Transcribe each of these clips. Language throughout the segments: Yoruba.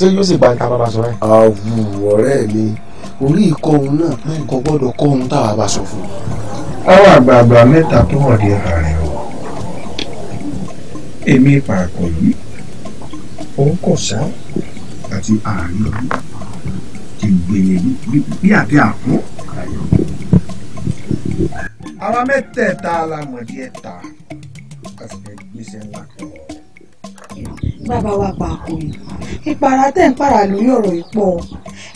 ṣé yóò sì gba ìta bàbá sọ rẹ. àwù ọ̀rẹ́ mi orí ikọ̀ òun náà kò gbọ́dọ̀ kọ́ ohun táwa bá sọ fún un. àwọn àgbààgbà mẹ́ta tó wọ̀ ní ẹ̀ka rẹ̀ o èmi pàápọ̀ yìí òun kò sá àti àárín ọ̀hún ti gbèrè e bí àti àpò àyọ̀. àwa mẹ́tẹ̀ẹ̀ta la mọ̀ díẹ̀ a sì fẹ́ gbèsè ńlá kan. bàbá wa pa àkóyè ìpara tẹ́ ń para lórí ọ̀rọ̀ yìí pọ̀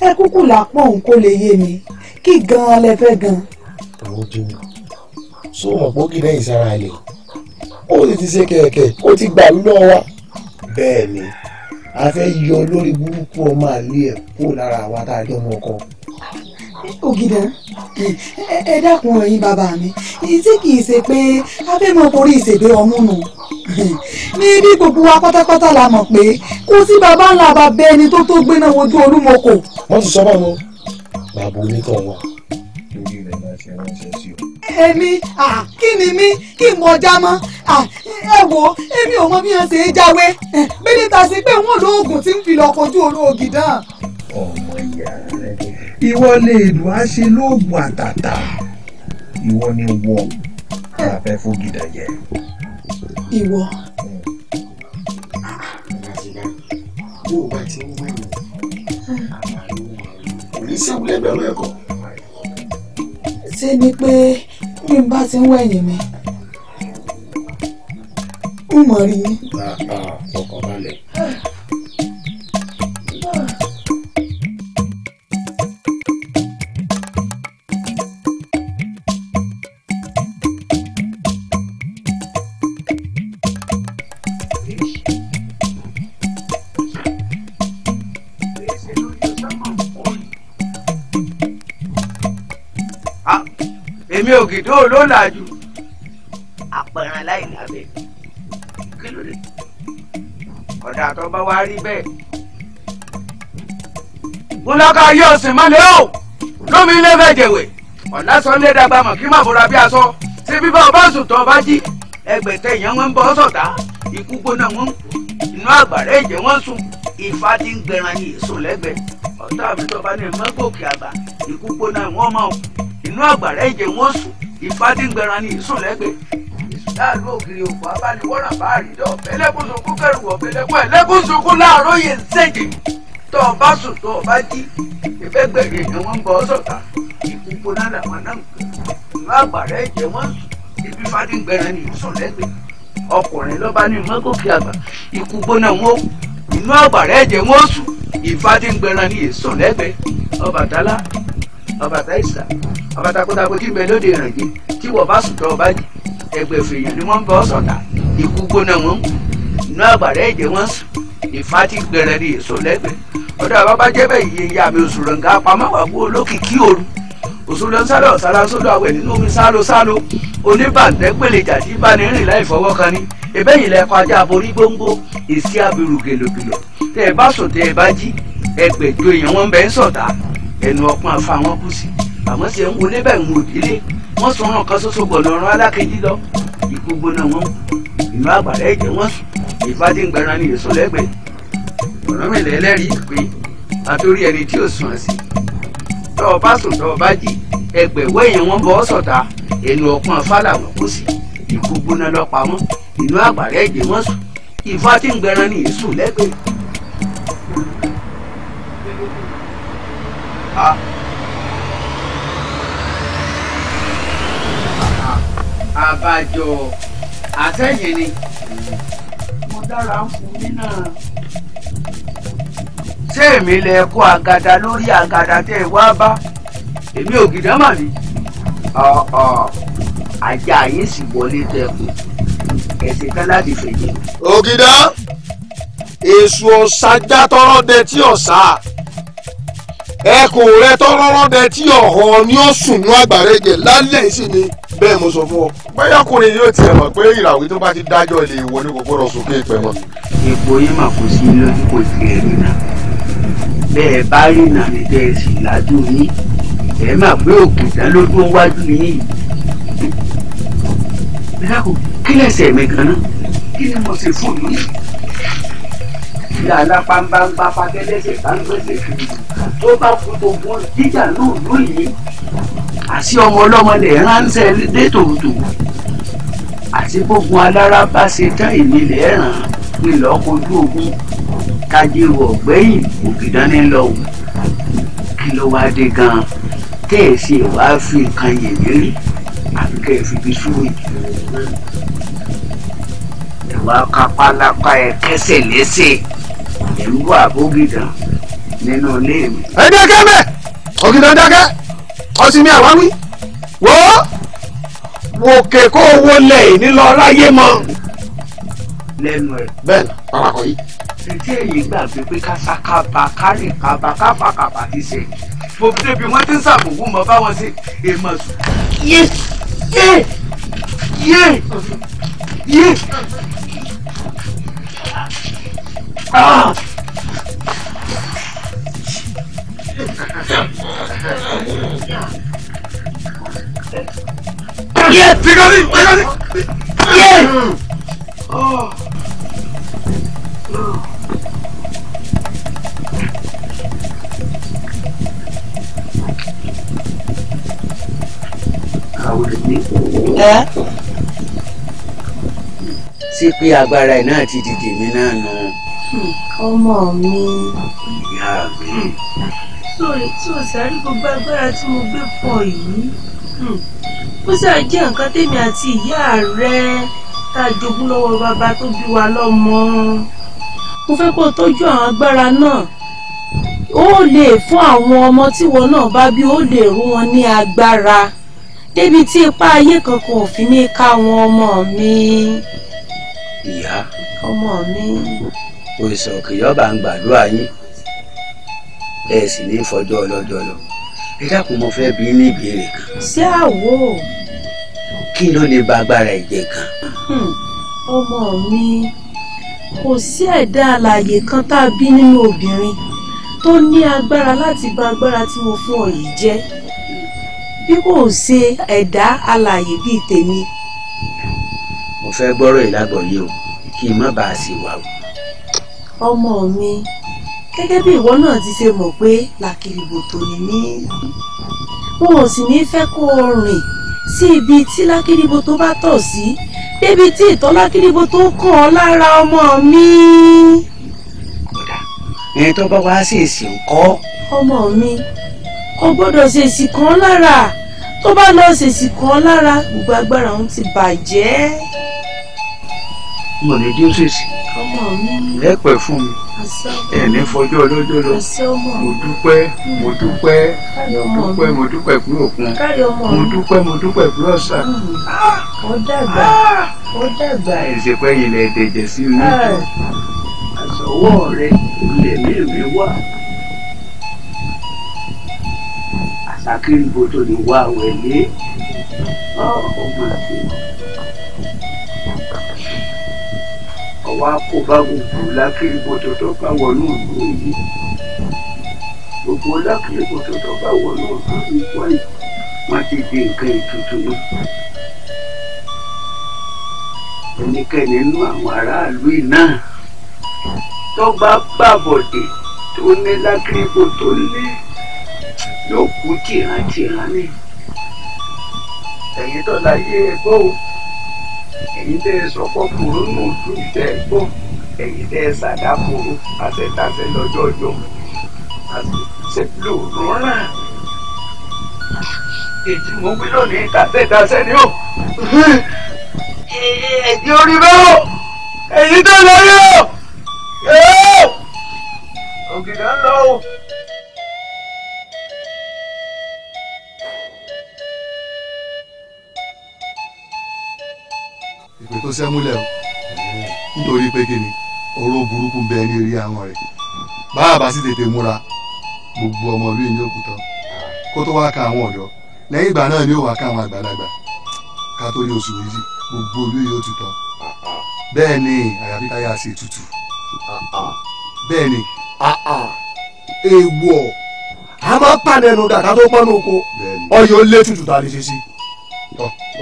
ẹ kúkú là pọ̀ òun kó lè yé mi kí gan-an lẹ fẹ́ gan-an. àwọn jù sọ wọn pé ó kí lẹ́yìn sára ilé ó sì ti ṣe kẹ̀kẹ́ ó ti gbà lọ wa. bẹ́ẹ̀ ni a fẹ́ yọ lórí burúkú ọmọ àlè ẹ̀ kó lára àwa tá a ọkọ ògìdán ẹ dákun ẹ̀yin bàbá mi tí kì í ṣe pé abẹ́mọ̀ forí ìṣègbè ọmú nù níbi gbogbo wa pátápátá la mọ̀ pé kò sí bàbá ńlá bàbá ẹni tó tó gbéná wojú olúmọkò. wọ́n ti sọ báwo bàbá onítọ̀ wà lórí kí ni mí kí n mọ ọjà mọ́ ẹ wo èmi ò mọ bí wọn ṣe é jáwé bí níta sí pé wọn lóògùn tí ń fi lọ kojú olóògì dán. ọmọ ìyá rẹ ìwọ lè lù á ṣe lóògùn àtàtà ìwọ ni wọ ara fẹ́ fògìdà jẹ. ìwọ. yóò bá ti ń wá ní kò ní sí ìwúlẹ̀ bẹ̀rù ẹ̀kọ́. ṣé ni pé bí n bá ti ń wẹ̀yìn mi ń mọ̀ rí yín. Ah, ah. dáa ju àpẹẹrẹ láì lábẹ́ kí ló dé ọ̀dà tó bá wá rí bẹ́ẹ̀. mo lọ́ka ayé ọ̀sìn mọ́lẹ̀ o lómi ilé fẹ̀jẹ̀wẹ̀ ọ̀làsọ̀lẹ̀ dàgbàmọ̀ kí má bora bí aṣọ ṣé bíbá ọba sùn tó ọba jí ẹgbẹ̀tẹ̀ èèyàn wọn ń bọ́ sọ̀tà ikú gbóná wọn inú àgbàrá ìjẹ́ wọn sùn ìfà ti ń gbẹran ní èso lẹ́gbẹ̀ẹ́ ọ̀tá mi tó ní mọ́gòkè àgbà ikú gbóná wọn mọ́ inú àgbàrá ìjẹ́ wọn sùn ìfádìngbẹran ní ìsúnlẹ́gbẹ̀ láàlú ògiri òkú abániwọ́nà báàrí dọ̀ọ̀bẹ ẹlẹ́gùnsùnkú kẹrùwọ̀ ọ̀bẹ lẹ́gbọ̀n ẹlẹ́gùnsùnkú láàróyè ń ṣèjì tó o bá sùn tó o bá jí ìfẹ́ gbẹ̀rẹ̀ èèyàn wọn ń bọ ọ́ sọ̀tà ìkúkú náà làwọn náà ń pè ìlú àgbàrá ẹ̀jẹ̀ wọn sùn ibi fádìngbẹran ní ìsúnlẹ́gbẹ̀ ọkùnrin ló bá ní mọ́gòkè àgbà ikú gbóná wọn ó inú àgbàrá ẹ̀jẹ̀ wọn sùn ìfádìngbẹran ní ìsúnlẹ́gbẹ̀ Ọbàtálá Ọbàtá ọba takuntakun tí bẹ lóde rìn yìí tí wọ́n bá sùn tọ́ ọba jì ẹgbẹ̀fẹ̀ èèyàn ni wọ́n ń bọ́ sọ̀tà ikú gbóná wọn inú àgbàrá ẹ̀jẹ̀ wọn sùn ìfá ti gbẹrẹ ní èso lẹ́gbẹ̀ẹ́ ọ̀dọ̀ àbábá jẹ́ bẹ́ẹ̀ yìí ìyá mi òṣùrò ń ga pamọ́ wà fún olókìkí òru òṣùrò ń sálọ̀ sára sódò àwẹ̀ nínú omi sálo sálo oníbàǹdẹ́ pèlèjà tí bá ní rìn láì fọwọ́ kan ní ajá aborí gbóngbó èsì abirù gèlògèlò tẹ́ ẹ bá sùn tẹ́ ẹ bá jí ẹgbẹ̀jọ èèyàn wọn bẹ́ẹ̀ sọ̀tà ẹnu ọpọ́n afá wọn kù sí i. àmọ́ ṣe ń níbẹ̀ ń wò wọ́n sùn ọ̀ràn kan ṣoṣo gbọ̀dọ̀ ọ̀ràn alákejì lọ ikú gbóná wọn ìlú àgbàdo ẹ̀jẹ̀ wọn sùn ìfàdí ń gbẹran ní lẹ́gbẹ̀ẹ́ mi lẹ́lẹ́rìí pé àtòrí ẹni lọ pamọ́ ìlú àgbàdo àbájọ àtẹ̀yìn ni. mo dára ń fún mi náà. ṣé èmi lè kó àgàdà lórí àgàdà tẹ́ ẹ wá bá èmi ò gìdá mà ní. ajá yín sì wọlé tẹkùn ẹsẹ̀ kan láti fèjì. ògìdá èso ọ̀sà já tọrọ dẹ tí ọ̀sà ẹkùn rẹ tọrọrọ dẹ tí ọhún ni ó sùn ní àgbàrẹ jẹ lálẹ́ sí ni bẹ́ẹ̀ mo sọ fún ọ. bẹ́yàkùnrin yóò tiẹ̀ mọ̀ pé ìràwé tó bá ti dájọ́ lè wọ ní gbogbo rọ̀ sókè ìpẹ́ mọ́. epo yín mà kò sí lójú kò sí ẹ̀rí náà bẹ́ẹ̀ bá rí nàmì tẹ́ ẹ sì lájú yín ẹ má gbé òkúta lójú wájú yín. bẹ́ẹ̀ kò kílẹ̀ ẹsẹ̀ mi gan-an kí ni mo ṣe fún mi ìyá alápámbámbá fagẹ́dẹ́sẹ̀ pàǹgbẹ́sẹ̀ tó bá kú gbogbo jíjà náà lóyè àti ọmọ ọlọ́mọ lẹ̀ ránṣẹ́ dé tòótò àti gbogbo alára bá ṣe tán ìnílẹ̀ ẹ̀ràn ìlọ kojú ogun kájíru ọ̀gbẹ́yìn òkìdání lọ wò kí ló wá dé gan-an tẹ́ ẹ̀ sì wá fi nǹkan yèmí rí àfi kẹ́ ẹ̀ fi bí súwèé ẹ̀ wá ẹ̀ kẹ́sẹ̀ lẹ́sẹ̀ èmi wà bógìdàn nínú ilé mi. ẹ dákẹ́ mẹ́ ògìdàn dákẹ́ ọtí mi àwáwí wò ó wòkè kó owó lẹ̀ ìní lọ ráyé mọ́. lẹ́nu ẹ̀. bẹ́ẹ̀ parakọ̀ yìí. títí èyí gbàgbé pé kásákábà kárìkábà káfàkàbà ti ṣe mo fi débi wọn ti ń ṣàbòwò mọ báwọn ṣe èèmọ̀ sùn. yé yé yé yé. Yes! They got it! They got it! Yes! Oh. ẹ sí pé agbára ẹ náà ti di tèmi náà ọmọ mi. ìyá mi. lórí hmm. tí ò sáré gbogbo agbára tí mo gbé pọ̀ yìí hmm. ó sáà jẹ́ nǹkan tèmi àti ìyá rẹ tá a jogún lọ́wọ́ bàbá tó bí wa lọ́mọ. mo fẹ́ kó o tọ́jú àwọn agbára náà ó lè fún àwọn ọmọ tí wọn náà bá bí ó lè rú wọn ní agbára débi tí ipá ayé kankan ò fi ní ká wọn ọmọ mi. ìyá ọmọ mi òrìṣàn òkè yọba ń gbàdúrà yín ẹ sì ní fọjọ́ ọlọ́jọ́ lọ ẹ dákun mo fẹ́ bi ní ìbéèrè kan. sí àwo. kí ló lè ba agbára ẹ̀jẹ̀ kan. Hmm, ọmọ mi kò sí ẹ̀dá alààyè kan tá a bí nínú obìnrin tó ní agbára láti ba agbára tí mo fún ọ yìí jẹ́ bí kò ṣe ẹ̀dá alààyè bíi tèmi. mo fẹ́ gbọ́rọ̀ ìlágbọ̀yé o kí n má bàa sì wà o ọmọ mi gẹ́gẹ́ bí ìwọ náà ti ṣe mọ̀ pé làkìrìbò tó ní mí wọn ò sì ní fẹ́ kó o rìn sí ibi tí lákìrìbò tó bá tọ̀ sí débi tí ìtọ́ lákìrìbò tó kàn ọ́ lára ọmọ mi. kódà ẹni tó bá wá sí èsì ńkọ́. ọmọ mi kò gbọ́dọ̀ ṣèṣì kan lára tó bá lọ ṣèṣì kan lára gbogbo agbára òun ti bàjẹ́. mo lè dé ṣèṣì lẹ́pẹ̀ fún mi ẹ̀ní fọjọ́ ọlọ́jọ́ lọ mo dúpẹ́ mo dúpẹ́ mo dúpẹ́ mo dúpẹ́ pé òkun mo dúpẹ́ mo dúpẹ́ pé ọ̀sà. Mm. ó dàgbà ah! ó dàgbà. ìṣèpẹ́ yìí lẹ̀ dẹ̀jẹ̀ sí mi. Ah! àsọwọ́ rẹ lèmi mi wà. àṣà kí n bò tó ní wá wẹ̀ lé. ọ̀ ọ́ máa wá kó bá gbogbo lákìrìbọ̀tò tó bá wọnú ìlú yìí gbogbo lákìrìbọ̀tò tó bá wọnú ìlú yìí wọ́n ti di nǹkan ìtutù náà ẹnikẹ́ni nínú àwọn aráàlú yìí náà tó bá bàbọ̀dé tó ní lákìrìbọ̀tò lé yóò kú tìrántìrán ni tó láyé ẹgbọ́ ẹ̀yin tẹ́ ẹ sọpọ́ kúrò nù ojú ìtẹ́ ẹ gbọ́ ẹ̀yin tẹ́ ẹ sàdákòrò àtẹ̀tàṣẹ lọ́jọ́ ọjọ́ àtẹ̀tàṣẹ lòóràn ètí mo wí lónìí tàtẹ̀tàṣẹ ni ó ẹ̀yin orí bẹ́ẹ̀ ẹ̀yin tó lọ yóò ògìdá ń lọ o. ìpè tó sẹ́múlẹ̀ o nítorí pé kí ni ọ̀rọ̀ burúkú bẹ ní eré àwọn rẹ̀ báàbá sì tètè múra gbogbo ọmọ ìlú ìyẹn òkú tán kó tó wá ka àwọn ọ̀dọ́ lẹ́yìn ìgbà náà ni ó wá ka àwọn àgbàlagbà ká tó rí oṣù méjì gbogbo olú yóò tù tán bẹ́ẹ̀ ni àyàfi táyà ṣe tutù bẹ́ẹ̀ ni èèwọ̀ a máa pàdé ẹnu dàkà tó pọ́n ní oko ọyọ lé tutù tá ṣe sí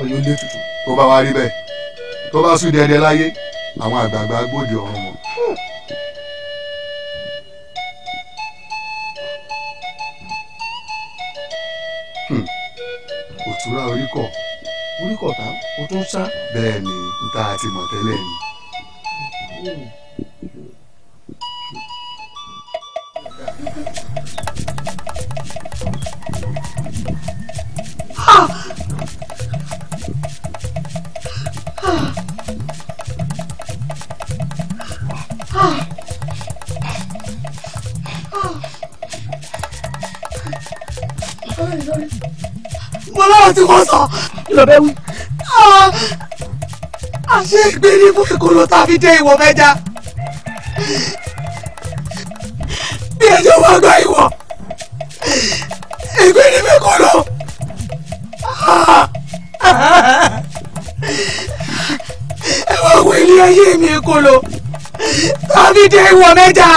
ọyọ lé tutù tó bá wá rí bẹ́ẹ̀ tó bá sùn dẹdẹ láyé àwọn àgbààgbà gbòdì ọ̀run wọn. Hmm. òtúrá oríkọ̀ oríkọ̀ tá o tún sá. bẹ́ẹ̀ ni n ta àti mọ̀ tẹ́lẹ̀ ni. Hmm. tí wọ́n sọ lọ bẹ́ẹ̀ wí. Ah, àṣé ìgbín ní fún tá a fi dé ìwọ mẹ́ja bí ẹjọ́ wá gba ìwọ ìgbín ní fún ẹ wá wo ilé ayé mi ìkòló tá a fi dé ìwọ mẹ́ja.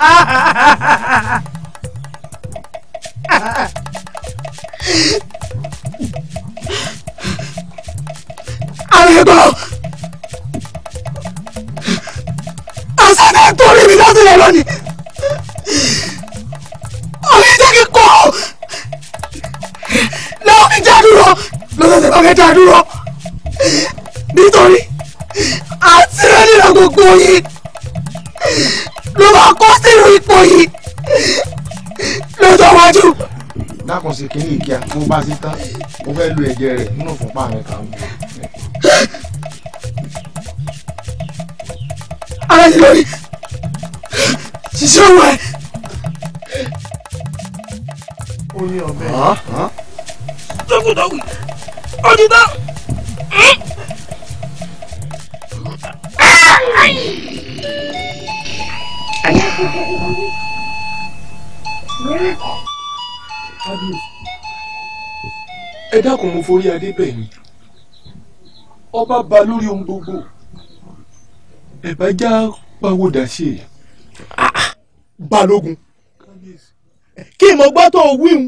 Ah, ah, lónìí omi jẹ́ kí kú lọ́wọ́ mi já dúró lọ́sọ̀ọ̀sẹ̀ bá mi já dúró nítorí àti rẹ nílò gbogbo yìí ló máa kó sínú ipò yìí lọ́jọ́ iwájú. dákun sí kínní ìkíá mo bá sí tán mo fẹ́ lu ẹ̀jẹ̀ rẹ̀ nínú ìfúnpá mi kàn mí. ara yìí lórí ṣọwọ́ ẹ̀. ó ní ọbẹ̀ yìí. dọ́kùdọ́kù ọdúnbá. ẹ dákun mo forí adé bẹ̀ yín ọba ba lórí ohun gbogbo ẹ bá já pawó sí i balógun kí mo gbọ́ tó wíhun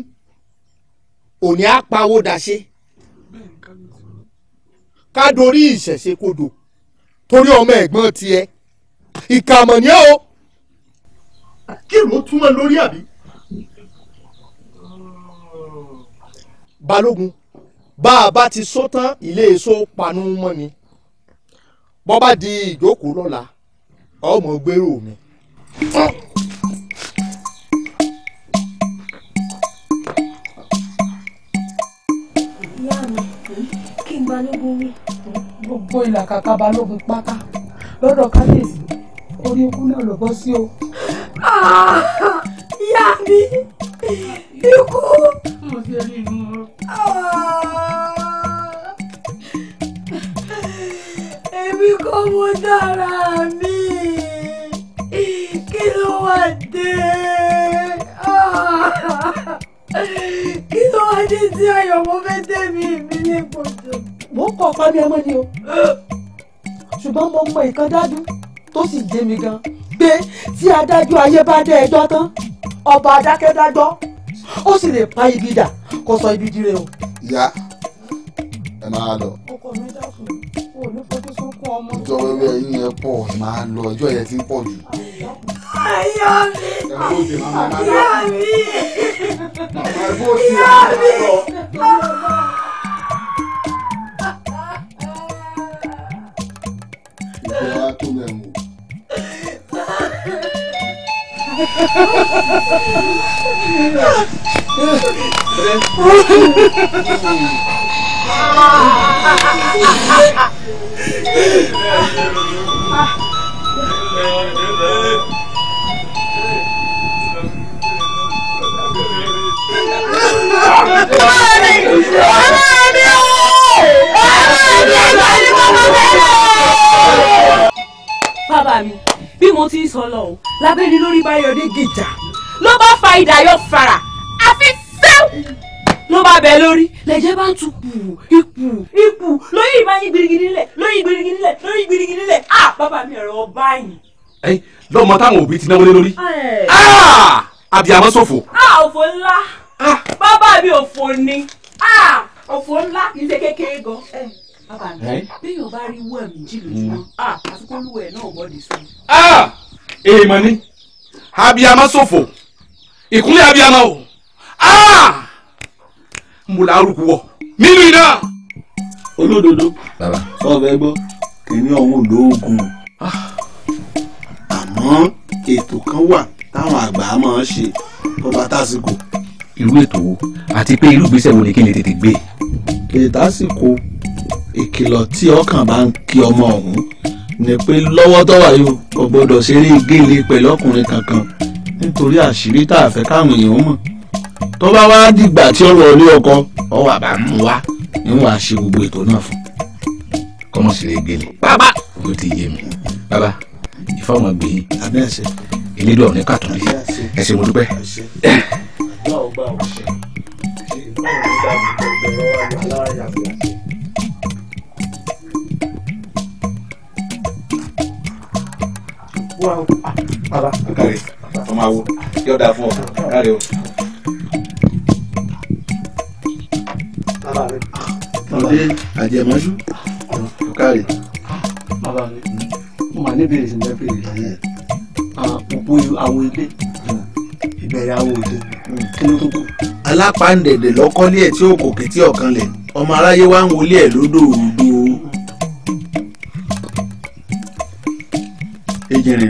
òní á pawó daṣe ká dorí ìṣẹ̀ṣe kodò torí ọmọ ẹ̀gbọ́n tiẹ̀ ìkàmọ̀ ni ó kí ló túmọ̀ lórí àbí. balógun bá a bá ti sọ tán ilé èso panu mọ́ ni bọ́ bá di ìjókòó lọ́la ọmọ gbèrò mi. balógun wí gbogbo ìlàkàkà balógun pátá lọ́dọ̀ kábíyèsí orí ikú náà ló bọ́ sí o. Ah, ìyá mi ikú. mo ti ah, èmi kò mọ dára mi kí ló wá dé ah, kí ló wá dé tí ayọ̀ mo fẹ́ tẹ̀mí mi ní gbòdò mò ń kọ́ ọ̀pá mi ẹmọ ni o ṣùgbọ́n mo mọ ìkan dájú tó sì jẹ mi gan pé tí adájọ́ ayé bá dé ẹjọ́ tán ọba adákẹ́dájọ́ ó sì lè pa ibi dà kó sọ ibi dire o. ìyá ẹ máa lọ. ọkọ mi dákun o ò ní fojú sunkún ọmọ. ìjọ wẹwẹ yín yẹn pọ̀ ẹ máa lọ ìjọ yẹn ti ń pọ̀ jù. ayọ̀ mi ìyá mi ìyá mi. Bàbá mi bí mo ti ń sọ lọ o lábẹ́ni lórí báyọ̀dé gìjà ló bá fa ìdàyọ̀ fara àfi fẹ́ẹ́ ló bá bẹ lórí lẹ́jẹ̀ bá tún pù ipù ipù lórí ìbáyín gbirigidi nílẹ̀ lórí gbirigidi nílẹ̀ lórí gbirigidi nílẹ̀ Ah, bàbá mi ọ̀rọ̀ báyìí. ẹ lọmọ táwọn òbí ti náwó lé lórí àbíàmọ ṣòfò. a òfò ńlá ah. bàbá mi òfò ni ah, òfò ńlá kì í ṣe kékeré gan béèyàn bá rí wọ méjì lójúmọ́ hmm. àfikún olúwẹ náà bọdì sí. èèmọ̀ ni abiyamọ ṣòfò ìkúnlẹ̀ abiyamọ o mo là á rúkú wọ nínú iná. olódodo bàbá sọ́ọ̀fẹ́ gbọ́ kìíní ọ̀hún lóògùn àmọ́ ètò kan wà táwọn àgbà máa ń ṣe tó bá tásìkò. irú ètò wo àti pé irú ìgbésẹ̀ wo ni kí n lè tètè gbé. ètò àsìkò ìkìlọ̀ tí ọkàn bá ń kí ọmọ ọ̀hún ni pé lọ́wọ́ tó wà kò gbọ́dọ̀ ṣeré gèlè pẹ̀lú ọkùnrin kankan nítorí àṣírí tá a fẹ́ káwọn èèyàn mọ̀ tó bá wá dìgbà tí ọ̀rọ̀ ilé ọkọ ọwọ́ àbá mú wá níwọ̀n àṣe gbogbo ètò náà fún. kọ́mọ ṣeré gèlè. bàbá o ti yé mi bàbá ìfọwọ́n gbé yín ọ̀rìn kàtún rí ẹ mo dúpẹ́. Thank you. Ah, bàbá kàkàrẹ ọmọ àwo yóò dáa fún ọ kàrẹ o. bàbá rẹ. ọdẹ àjẹmọ́jú ah. kàrẹ. bàbá rẹ mo máa ní bèrè sí ní bèrè ah, òpó àwọn ilé ìbẹ̀rẹ̀ àwọn òde hmm. kí ló tó kù. alápàǹdẹ̀dẹ̀ lọ́kọ́lé ẹ̀ tí òkòkè tí ọ̀kan lẹ̀ ọmọ aráyé wá ń wọlé ẹ̀ lódò O méjèèrè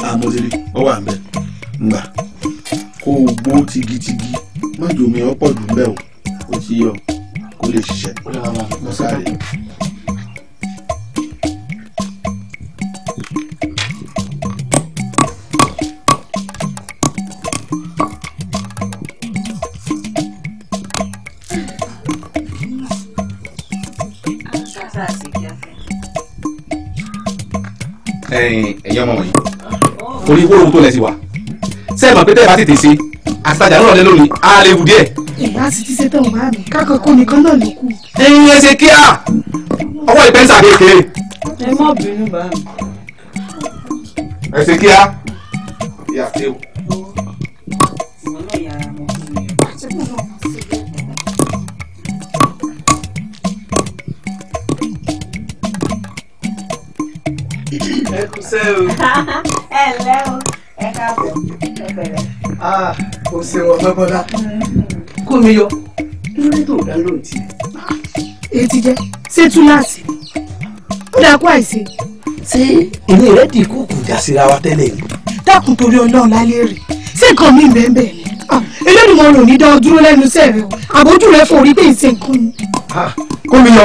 rà amódéré ọwọ àmbẹ ngbà kó o gbó tigitigi mọ́jọ́ mi ọ̀pọ̀ jù ń bẹ̀ o ó ti yọ kó lè ṣiṣẹ́ mọ́sáré. ẹ̀yin ọmọ wọ̀nyí orí kóró tó lẹ̀ sí wa sẹ́ẹ̀mọ̀ pé tẹ́ẹ̀ bá tètè ṣe àtàjà náà lé lónìí á léwu díẹ̀. ẹ̀yà sì ti ṣetán màá mi kákan kó nìkan náà ló kù. ẹ̀yin ẹ ṣe kíá ọwọ́ ìpẹ́ńsà mi kéré. ẹ má bínú bá mi. ẹ kíá ìyá kéwù. ẹ kú sẹ́ o. ẹ lẹ́ o ẹ káàbọ̀ Ah, bẹ̀rẹ̀. o ṣeun ọ̀fẹ́ bọ́lá kó mi yọ kí ló dé tó dá lóhùn tí. Ah, etí jẹ́ ṣé túláàsì ó dáa kó àìsè. ṣé ilé já di kúkú dá síra wa tẹ́lẹ̀ ni. dákun torí ọlọ́run lálẹ́ rè ṣé nǹkan mi bẹ́ẹ̀ bẹ́ẹ̀ ni ah, eléyìí mo rò ní dán dúró lẹ́nu iṣẹ́ o àbójú rẹ fò rí pé ń ṣe nǹkan ni. Ah, kó mi yọ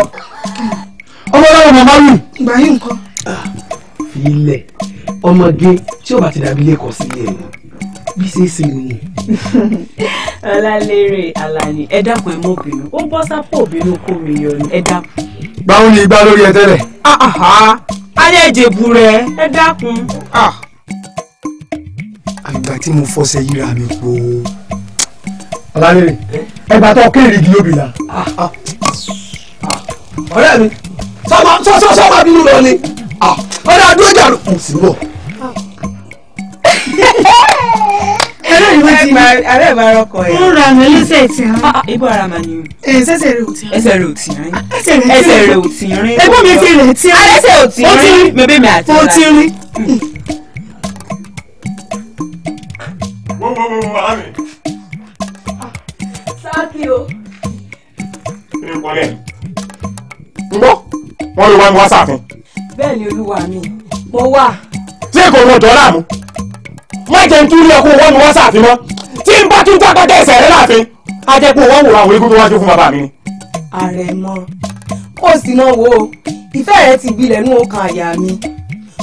ọmọ ọlọ́run màmá wù. ìgbà yìí nǹkan fi í lẹ̀ ọmọge tí ó bá ti dàbí lẹ́kọ̀ọ́ sí ẹ̀ bí ṣe é ṣe nù. ọlálérè alani ẹ dákun ẹ mọ bínú ó bọ́ sápò bínú kó mi yọ ni ẹ dákun. báwo ni igbá lórí ẹ tẹ́lẹ̀. Ah, ah, ah. alẹ́ ìjẹ̀bù rẹ̀ ẹ dákun. àgbà tí mo fọṣẹ yíra mi po. ọlálérè ẹgbà tó kéèrè igi lóbìlà. ọ̀rẹ́ mi sọ́mọ́ sọ́mọ́ bínú lọ ni ọ̀rẹ́ àdúró jà ló kùn sí bọ̀. ẹ̀rọ ìwé ti ní ààrẹ ìbá rọkọ ẹ̀. ń ra àmì ẹlẹ́sẹ̀ ti hàn. ibò ara mà ni o. ẹsẹ̀ rẹ̀ ò ti rìn. ẹsẹ̀ rẹ̀ ò ti rìn. ẹsẹ̀ rẹ̀ ò ti rìn. ẹgbọ́n mi ti rẹ̀ ti rìn. Ah, ẹsẹ̀ ò ti rìn. bèbè mi àti ra. o ti rìn. wo wo wo àmì. sáàkì o. ìrìnkọ́lẹ̀. ń bọ̀ wọ́n lè wá ní wá sáàfin bẹ́ẹ̀ ni olúwa mi mo wà. tí èkó wọn dọ́ láàmú má jẹ́ ń tún wọn ni wọ́n ṣàfihàn mọ́ tí n bá tún dágbàdá ẹsẹ̀ rẹ láàfin á jẹ́ pé wọ́n wò àwọn eégún tó wájú fún bàbá mi ni. àrẹ̀mọ ó sì náà wo ìfẹ́ rẹ ti gbilẹ̀ nú ọkàn àyà mi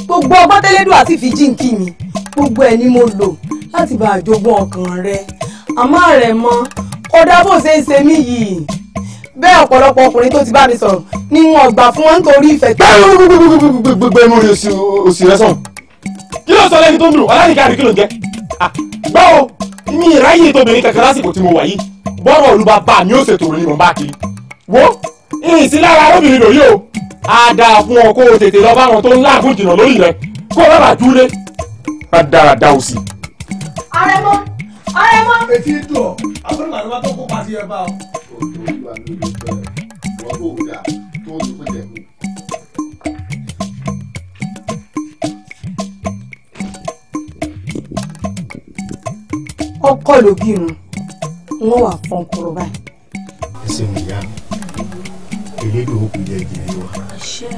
gbogbo ọgbọ́n tẹ́lẹ́dùn àti fi jíǹkì mi gbogbo ẹ̀ ni mo lò láti bá àjogún ọkàn rẹ àmọ́ àrẹ̀mọ ọ̀dà bó ṣe ń ṣe mí yìí bẹ́ẹ̀ ọ̀pọ̀lọpọ̀ ọkùnrin tó ti bá mi sọ̀rọ̀ ni wọn gbà fún wọn nítorí ìfẹ́. gbẹgbẹgbẹgbẹgbẹ mú rí òsì rẹ sàn. kí ló sọ lẹ́ni tó ń dùn aláìníkà rí kí ló ń jẹ́. báwo mi ìráyè tóbìnrin kankan lásìkò tí mo wà yìí bọ́rọ̀ olúba bá mi ó ṣètò òní mọ̀ bá kiri. wo ìsìn lára arábìnrin lòyí o á dáa fún ọ kó o tètè lọ bá wọn tó ń láàgùn jìnnà lórí rẹ kó o bá dúré. bá dára dá o sí. ààrẹ mọ ààrẹ mọ. etí dùn ọ àbúrò màlúwà tó kópa sí ẹ bá ọ ọkọ ló bí irun wọn wà fọn kúrò báyìí. ẹ ṣeun ìyá mi elédò òkú jẹ ìdílé wa. ṣé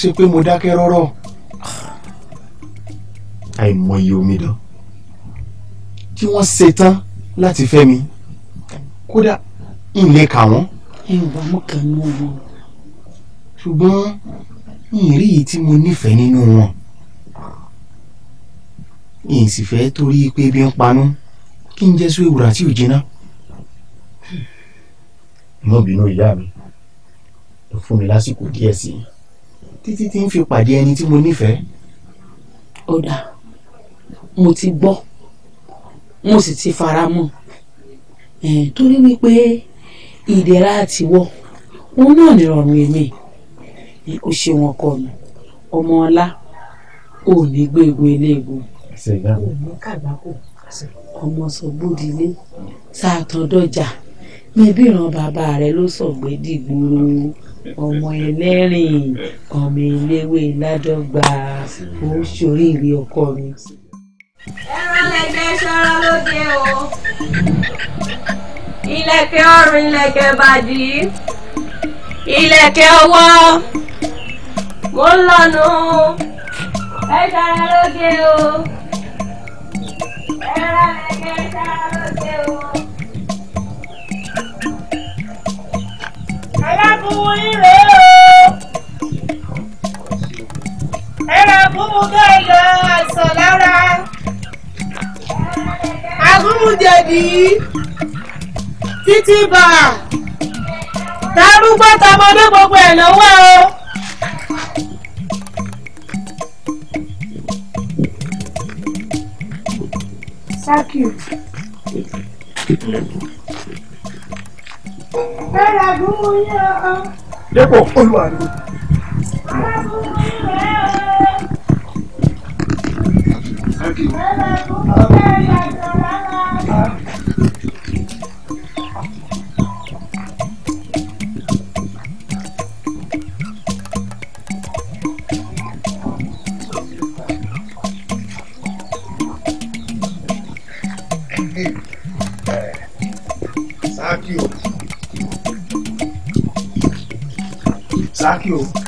ṣe pé mo dákẹ́ rọ́rọ́ àìmọye omidan tí wọ́n ṣetán láti fẹ́ mi kódà ìlé kà wọ́n. ẹ wà mú kan nù wọn. ṣùgbọ́n ìrírí yìí tí mo nífẹ̀ẹ́ nínú wọn ìyìn sì fẹ́ torí pé bí ń panú kí n jẹ́ sí ewúrà tí ò jiná. mo bínú ìyá mi ló fún mi lásìkò díẹ̀ sí i títí tí ń fi pàdé ẹni tí mo nífẹ̀ẹ́. ó dáa mo ti gbọ́ mo sì ti fara mọ́ torí wípé ìdẹ̀ra àtiwọ́ òun náà nìrọ̀rùn èmi ó ṣe wọn mi ọmọ ọlá ò ní gbégun eléegun òní kàgbákò ọmọ sọgbódilé sàtọdọjà níbí ìran bàbá rẹ ló sọgbẹ dìgbòrò ọmọ ẹlẹ́rìn ọmọ eléwé ládọ́gba ó ṣoríire ọkọ mi ẹran lẹ̀kẹ̀ ṣọ́ra lóde o ìlẹ̀kẹ̀ ọrùn ìlẹ̀kẹ̀ bàdí ìlẹ̀kẹ̀ ọwọ́ mo ń lọ́nu ẹ ṣọ́ra lóde o ẹran lẹ̀kẹ̀ ṣọ́ra lóde o. alákùnrin yìí rèé o àìsàn lára agúnmùjẹ̀dì títí bà tarúgbó tọmọdé gbogbo ẹ̀ lọ́wọ́ o. Thank you. Bẹ́ẹ̀ ni agúnmùyẹ̀ o. Dépò olúwa ni. Sáàkì o. Sáàkì o.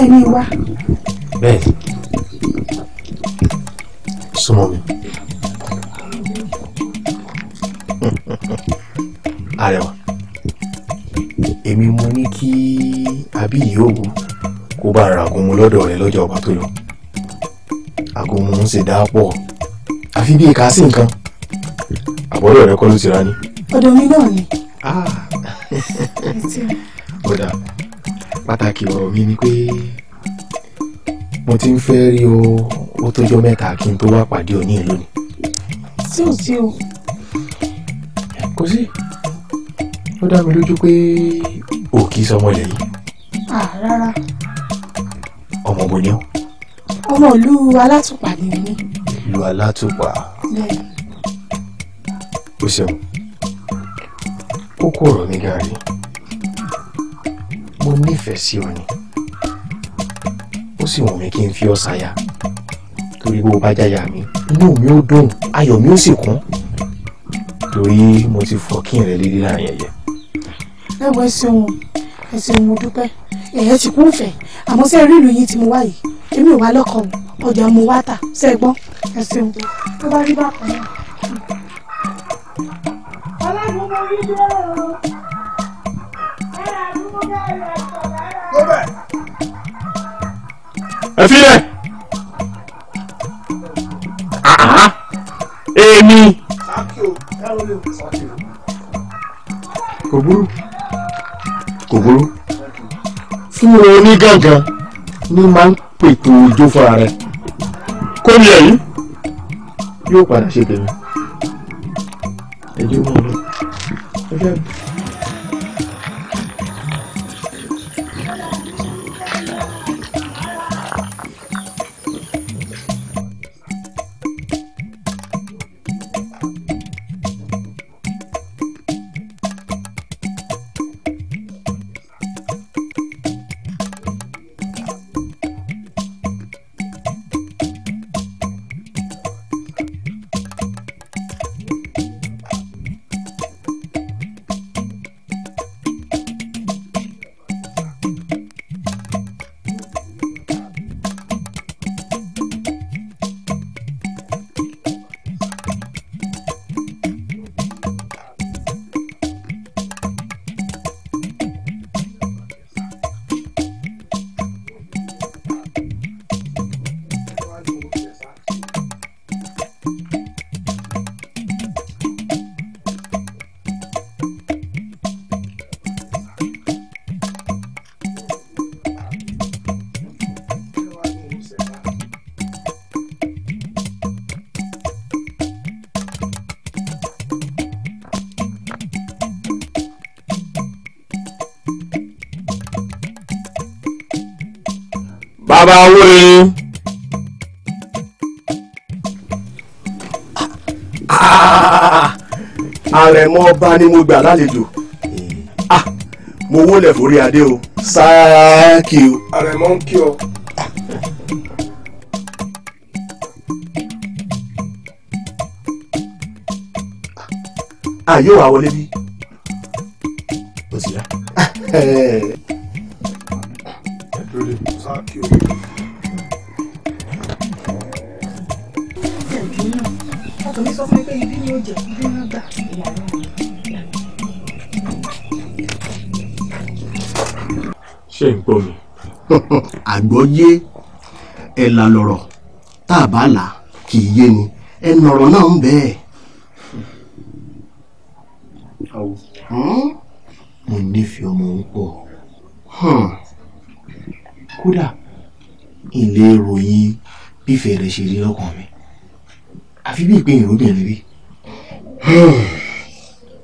lẹ ní wa. bẹ́ẹ̀ súnmọ́ mi. arẹwà èmi mo ní kí àbí ìyóòwò kó bá ra àgùnmu lọ́dọ̀ rẹ lọ́jọ́ ọba tó lọ àgùnmu ń ṣe dáa àfi bí ìka sí nǹkan àbọ̀dọ̀ rẹ kọ́ ló ti ra ni. ọ̀dọ̀ mi náà ni. pàtàkì ọ̀rọ̀ mi ni pé mo ti ń fẹ́ rí o ó tọ́jọ́ mẹ́ta kí n tó wá pàdé òní ẹ̀ lónìí. sí ò sí o. kò sí ó dá mi lójú pé o kì sọmọ ilẹ̀ yìí. rárá. ọmọ bo ni ọ. ọmọ ìlú alátùpà ni mí. ìlú alátùpà. o ṣeun ó kó ọ̀rọ̀ mi gàrí nífẹ̀ẹ́ sí ọ ni ó sì wù mí kí n fi ọ ṣaya torí bó bá jáyà mi inú mi ó dùn ayọ̀ mi ó sì kún torí mo ti fọ kí n rẹ lédè láàrin ẹ̀yẹ. ẹ wọ ẹsẹ wọn ẹsẹ wọn dúpẹ́ ẹyẹ ti kún fẹ́ àmọ́ ṣé rí ìlú yìí tí mo wá yìí èmi ò wá lọkọ ọjà mo wá tà ṣẹgbọn ẹsẹ wọn tó bá rí bákan náà. ọlọ́run mo rí ẹ filẹ̀ èmi kò burú kò burú fún onígangan ní máa ń pètò ijó fúnra rẹ̀ kó ní ẹ̀yìn yóò padà ṣe tèmi ẹjọ́ mọ́ ọ lọ ẹ fẹ́ mi. àrẹ̀mọ ọba ni mo gbà lálejò ah, mo wólẹ̀ forí adé o sáàkì o. àrẹ̀mọ ń kí ọ. àyè ah, wà wọlé bí. ó sì yá. Ah, eh, ọ̀rọ̀ yé ẹ̀là lọ̀rọ̀ tá a bá là kì í yé ni ẹnu ọ̀rọ̀ náà ń bẹ́ẹ̀. mo nífẹ̀ẹ́ ọmọ ń pọ̀ kódà ilé ìròyìn bífẹ̀ẹ́ rẹ̀ ṣe rí lọ́kàn mi àfi bí ìpín ìròbìnrin rí.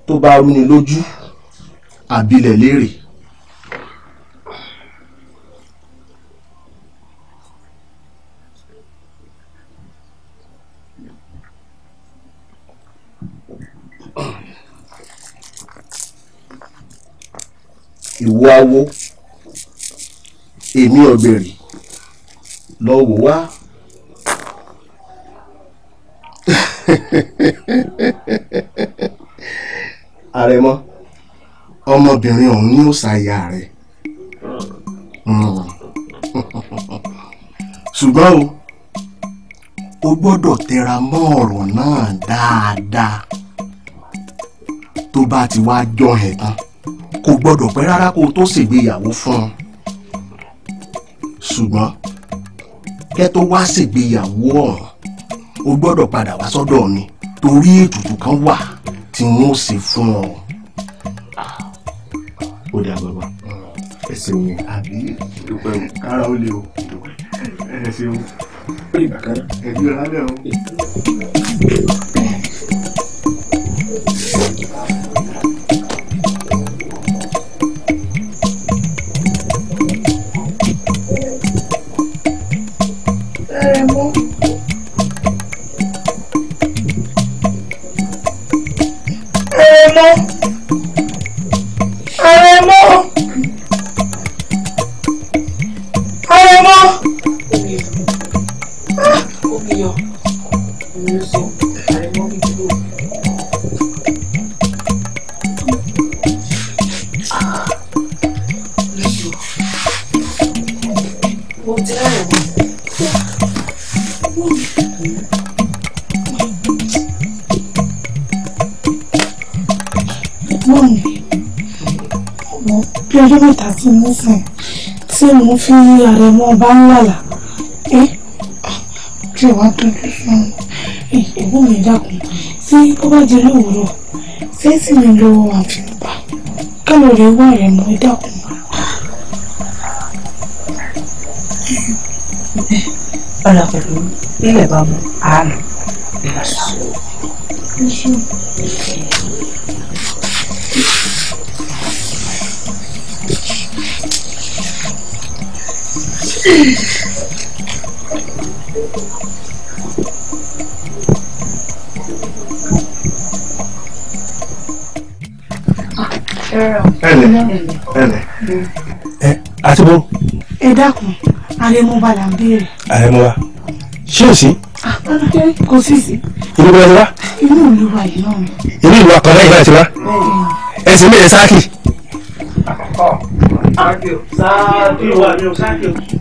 tó bá rú ni lójú àbílẹ̀ léèrè. ìwọ awo èmi ọ̀gbẹ̀rì lọ wò wá. àrẹ̀mọ ọmọbìnrin ọ̀hún ni ó ṣàyà rẹ̀ ṣùgbọ́n o o gbọ́dọ̀ tẹra mọ́ ọ̀rọ̀ náà dáadáa tó bá ti wá jọ ẹ̀ tán kò gbọ́dọ̀ pẹ́ rárá kó o tó ṣègbéyàwó fún un ṣùgbọ́n kẹ́ tó wá ṣègbéyàwó ọ̀hún o gbọ́dọ̀ padà wá sọ́dọ̀ mi torí ètùtù kan wà tí wọ́n ṣe fún ọ. ó dà bàbá ẹ ṣeun àbí dúpẹ́ o kára ó lè o ẹ ṣeun ìgbà kan ẹbí ń fi àrẹ̀mọ bá ń wàlà ẹ ju ìwà tójú sùn ẹ̀gbọ́n mi dákun tí ó bá di lówùúrọ̀ ṣé sì mi lo àfihàn kálọ̀ rẹ̀ wà àrẹ̀mọ dákun. ọ̀là pẹ̀lú ilẹ̀ bá mu àárọ̀ ìrọ̀sùn. àti bó. ẹ dákun àrẹ̀mọba là ń béèrè. àrẹ̀mọba ṣé o sí. Ah, kò sí sí. ìlú bẹ̀rẹ̀ ti wá. inú ìlú wa yìí náà. inú ìlú akọ̀dá yìí náà ti wá. ẹ̀sìn mi yẹn sáàkì. sáàkì wà ní o sáàkì o.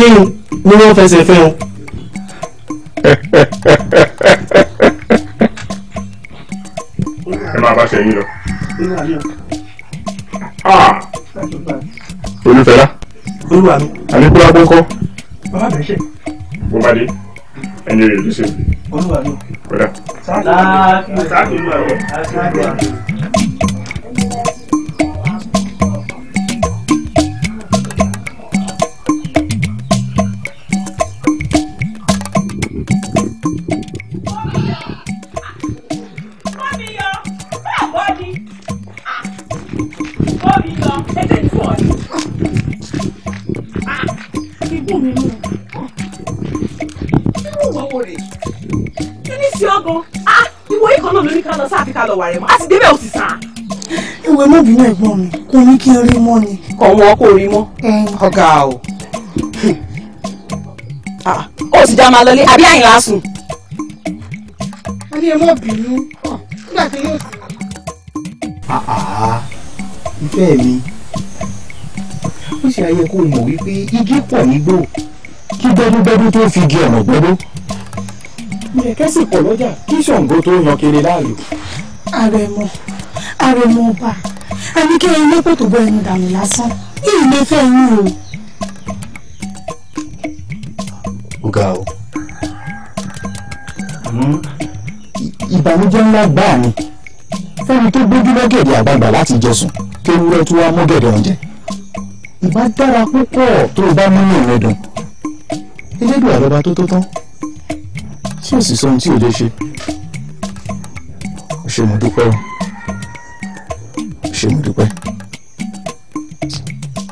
yéyìn ni wọ́n fẹsẹ̀ fẹ́ o. ẹ máa bá ṣe yín lọ. Ah! olùfẹ́lá. olúwa mi. àlékún agbó kọ́. bàbá bẹ̀ ṣe. bó bá dé ẹni rẹ̀ ló ṣe. olúwa mi. kódà. sáà kí ló wà wọ̀. o ní kí n rí mọ́ ni. kọ̀ wọ́n kò rí mọ́. ọ̀gá o. ó ah, sì já máa lọlé àbí àyìnlá sùn. a ní ẹ bínú nígbà tí yóò sùn. Ah, ah, ìfẹ́ mi ó sì ayẹ kó mọ̀ wípé igi pọ̀ nígbò kí gbẹ́dúgbẹ́dú tó fi di ọ̀nà gbọ́dọ́ ilẹ̀ kẹ́sì pọ̀ lọ́jà kí ṣòǹgó tó yan kiri láàyò. àrẹ̀mọ àrẹ̀mọ ọba ẹni kí ẹni lé kòtò bọ ẹnu dànù lásán yìí lè fẹ́ yín o. ó ga o hmm? ìbànújẹ́ ńlá gbáà ni fẹ́ni tó gbójú lọ́gẹ̀dẹ̀ àgbààgbà láti jọsùn tó wúrọ́ tó wá mọ́gẹ̀dẹ̀ ọ̀jẹ̀ ìbá dára púpọ̀ tó o bá múnú rẹ dùn elédùn àrọ́bá tó tó tán tí o sì sọ ohun tí o lè ṣe ṣe mo dúpẹ́ o ṣe mo dúpẹ́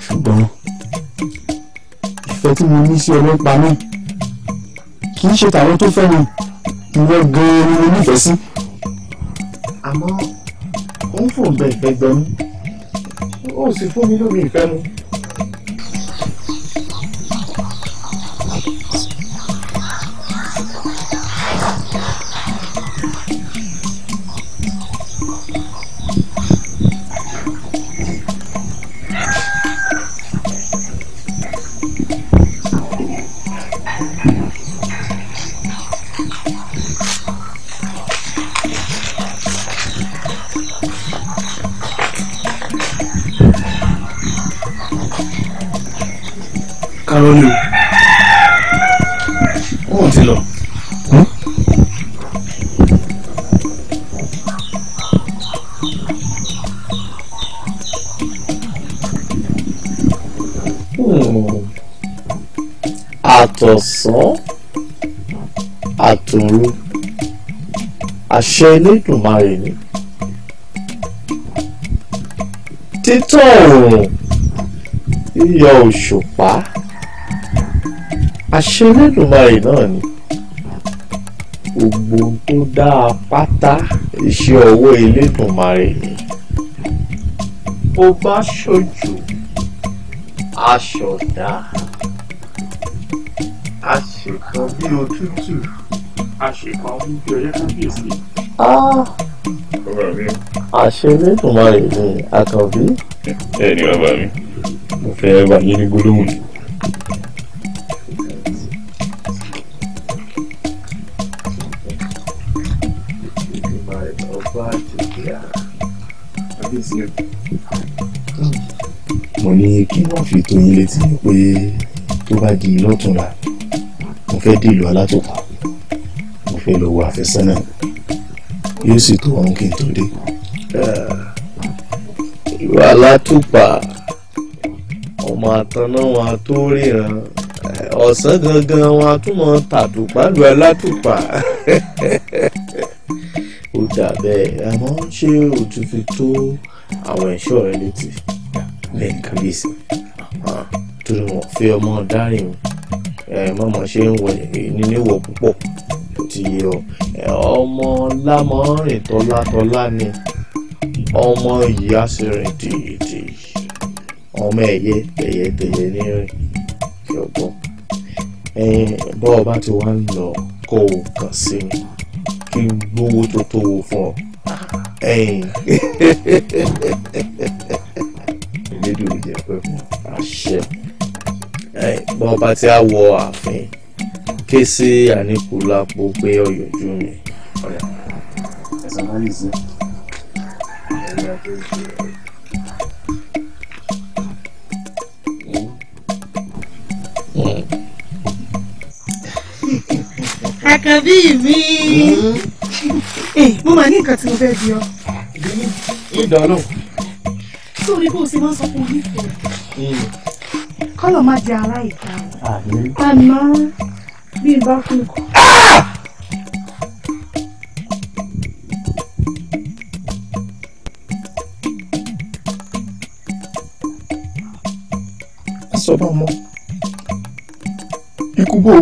ṣùgbọ́n ìfẹ́ tí mo ní sí ọlọ́pàá náà kì í ṣe tàwọn tó fẹ́ràn ìwọ gan-an ni mo nífẹ̀ẹ́ sí. àmọ́ ó ń fò bẹ́ẹ̀ fẹ́ gbẹ́mú ó sì fún mi lómi ìfẹ́ mu. Karoli o wọ́n ti lọ. àtọ̀sán àtòru àṣẹ Elédùmarè ni títọ́ oòrùn yíyọ òṣùpá àṣẹlẹ́dùnmáì náà ni gbogbo tó dáa pátá iṣẹ́ ọwọ́ Elédùmarè ni ó bá ṣojú aṣọ̀dá aṣèkan bí òtútù aṣèkan bí ọyẹ́ kábíyèsí. àṣẹ Elédùmarè ni àkànbí. bẹ́ẹ̀ ni bàbá mi mo fẹ́ wáyé ní gbólóhùn ni. fi tó yín létí pé tó bá di lọ́túnla mo fẹ́ dèlò alátòpá mo fẹ́ lọ wo àfẹ́sánà yóò sì tó ọ̀hún kí n tó dé. ìwà alátòpá ọmọ àtàná wọn tó ríran ọ̀sán gangan wọn tún tàdùpá lu alátòpá ó dà bẹ́ẹ̀ àmọ́ ṣé o tún fi tó àwọn ẹ̀ṣọ́ rẹ létí bẹ́ẹ̀ kábíyèsí tó wọn fẹ́ ọmọ dárìn mọ́mọ́ ṣe ń wọlé níníwọ̀ púpọ̀ ti yọ ọmọ lámọ́rìn tọ́látọ́lá ni ọmọ ìyá sì rìn tìtì ọmọ ẹ̀yẹ tẹ̀yẹtẹ̀yẹ ní rìn kí ọgbọ́n bọ́ọ̀ bá ti wá ń lọ kó o kàn sí mi kí n gbówó tó tó o fún ọ ẹ̀yìn ìlédùn ìjẹ́pẹ́ fún àṣẹ bọ́n bá ti á wọ ààfin ké sí àníkùlápó pé ọ̀yọ̀jú hmm. mi. àkàbí hmm. mi eh, mo máa ní nǹkan tí mo fẹ́ bí ọ. ìdáná. sórí bó o ṣe máa ń sọ fún mi hmm kọ́lọ̀ má jẹ aláìka àná bí n bá fún ikú. sọ́bà mọ́ ikú bò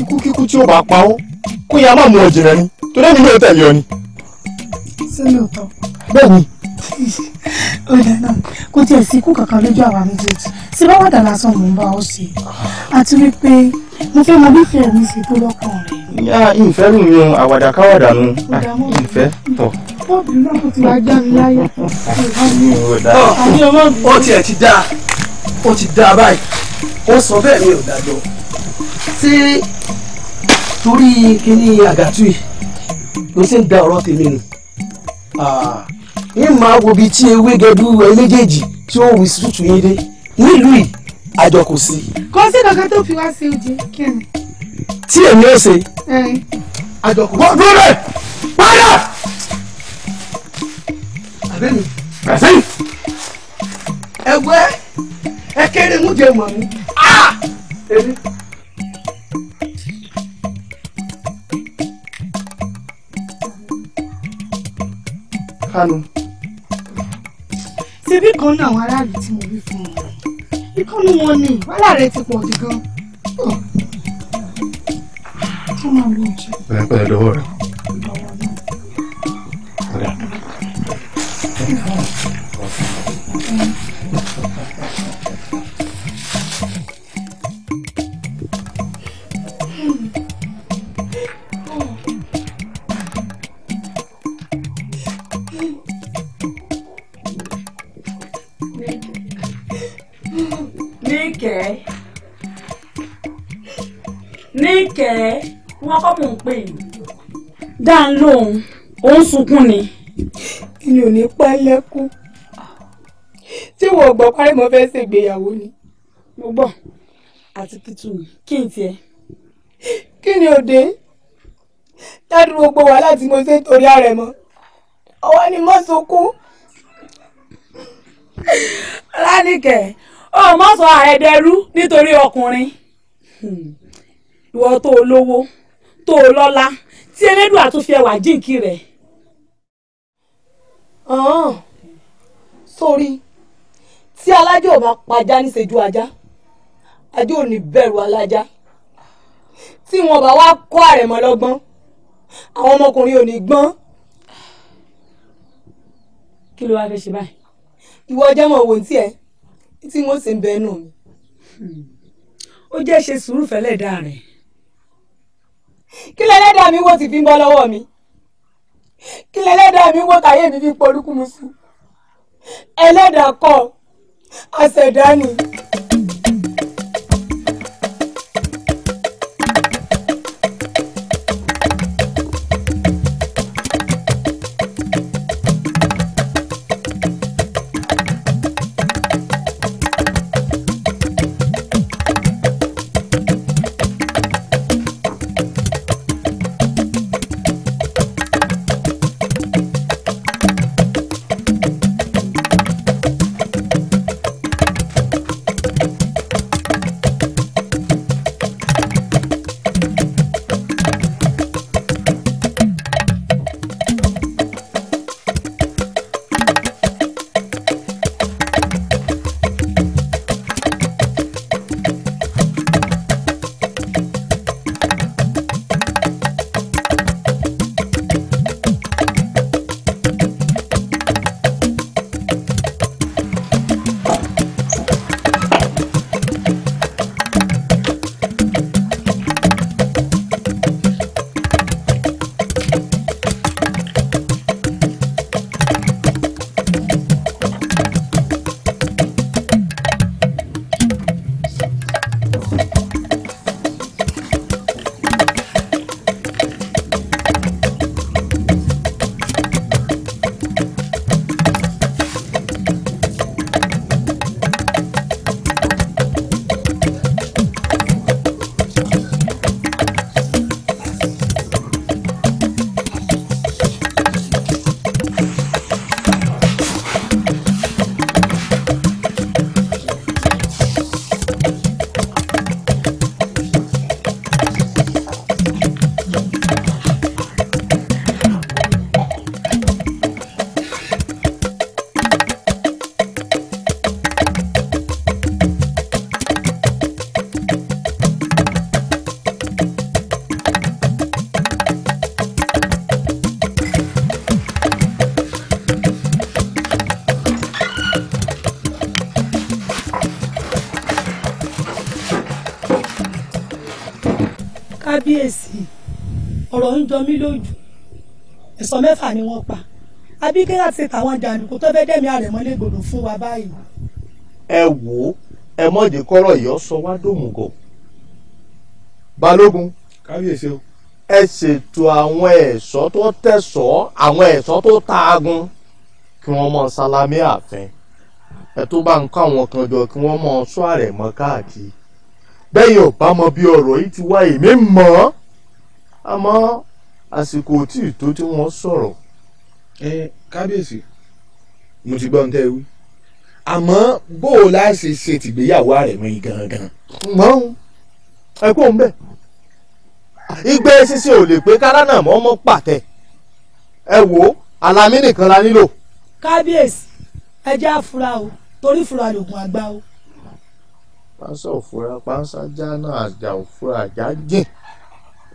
ikú kíkú tí ó bá pa ọ́ kó yá má mú ọ jìnà ni torí ẹni yóò tẹ̀lé ọ ni. sínú ọ̀tọ̀. bẹ́ẹ̀ ni. ó dáná kò tiẹ̀ sí ikú kankan lójú àwa méjèèjì tí bá wàdà lásán mò ń bá ọ ṣe àti wípé mo fẹ́ mọ bí ìfẹ́ mi ṣe tó lọ́kàn rẹ̀. ìyá ìfẹ́ lù mí o àwàdà káwàdà nu ah, ìfẹ́ tọ̀. ó tiẹ̀ ti dáa ó ti dáa báyìí ó sọ bẹ́ẹ̀ mi ò dájọ́ ṣé torí kíní àgàtúì ló ṣe ń da ọ̀rọ̀ tèmi nù. Ah, yín máa wo ibi tí ewé gẹdú ẹ méjèèjì tí ó wù sùtù yín dé nílùú yìí àjọ kò sí. kò sí kankan tó fi wá sí ojú kí ni. tí èmi ò ṣe. àjọ kò sí. wọ́n padà. àbẹ́mi pẹ̀sẹ́yìn. ẹgbẹ́ ẹ mú jẹ mọ̀ mi. èmi. Kanu ṣebí kan náà àwọn aráàlú tí mo wí fún wọn ìkànnì wọn ni wàhálà rẹ ti pọ̀ jù gan-an. pẹ̀lẹ́pẹ̀lẹ́ lọ́wọ́ rẹ̀. dá ń lóhùn ó ń sunkún ni. mi ò ní pa lẹ́kún tí wọn ò gbọ́ parí mo fẹ́ ṣègbéyàwó ni. mo gbọ́ àti kìtù mi kí n tiẹ̀. kí ni òde dádùn gbogbo wa láti mo ṣe torí ààrẹ mọ ọwọ́ ni mo sunkún. lánìkẹ́ ọ mọ̀ sọ ààrẹ dẹrú nítorí ọkùnrin hmm. ìwọ tó lówó tó lọ́lá tí elédùn àtúnfi ẹwà jíǹkì rẹ̀. sórí tí alájà ò bá pajá níṣẹ́jú ajá ajá ò ní bẹ̀rù alájà tí wọn bá wá kọ́ àrẹ̀mọ lọ́gbọ́n àwọn ọmọkùnrin ò ní gbọ́n. kí ló wáá fẹ́ ṣe báyìí. ìwọ ọjọ́ mọ̀ wò tí ẹ tí wọ́n sì ń bẹ́ẹ̀ nù mí. ó jẹ́ ṣe sùúrù fẹ́lẹ̀ dáa rẹ̀ kí lẹ́lẹ́dàá mi wò tí fi ń bọ́ lọ́wọ́ mi kí lẹ́lẹ́dàá mi wò táyé mi fi ń porúkú sí ẹlẹ́dàá kọ́ àṣẹ̀dá ni. ń jọ mí lójú ẹ̀sọ́ mẹ́fà ni wọ́n pa abíkẹ́ láti tàwọn jàǹdùkú tó fẹ́ dẹ́mi àrẹ̀mọ́lẹ̀ gbòdò fún wa báyìí. ẹ wò ó ẹ mọ̀jẹ̀ kọ́rọ̀ yọ sọ wá dòmùgọ̀ balógun kábíyèsí o ẹ ṣètò àwọn ẹ̀ṣọ́ tó tẹ̀sọ́ àwọn ẹ̀ṣọ́ tó taagun kí wọ́n mọ sálámí ààfin ẹ tó bá ń kọ́ àwọn kan jọ kí wọ́n mọ sọ àrẹ̀mọ káàkiri bẹ́ẹ̀ yóò bá mọ bí ọ̀rọ̀ yìí ti wá èmi mọ̀ ọ́ àmọ́ àsìkò tí ìtó tí wọ́n sọ̀rọ̀. ẹ kábíyèsí mo ti gbọ́ ń tẹ́ wí àmọ́ bó o la ṣe ṣe tìgbéyàwó rẹ̀ mọ́ yín gangan. mọ́n ẹ kó ń bẹ̀ igbe ṣíṣe ò lè pé kárá náà mọ́ mọ́ pàtẹ ẹ wò alamí nìkan la nílò. kábíyèsí ẹ jẹ́ àfúrá o torí fúra lògùn àgbà o. pánsá òfúra pánsá já náà àjà òfúra àjà jìn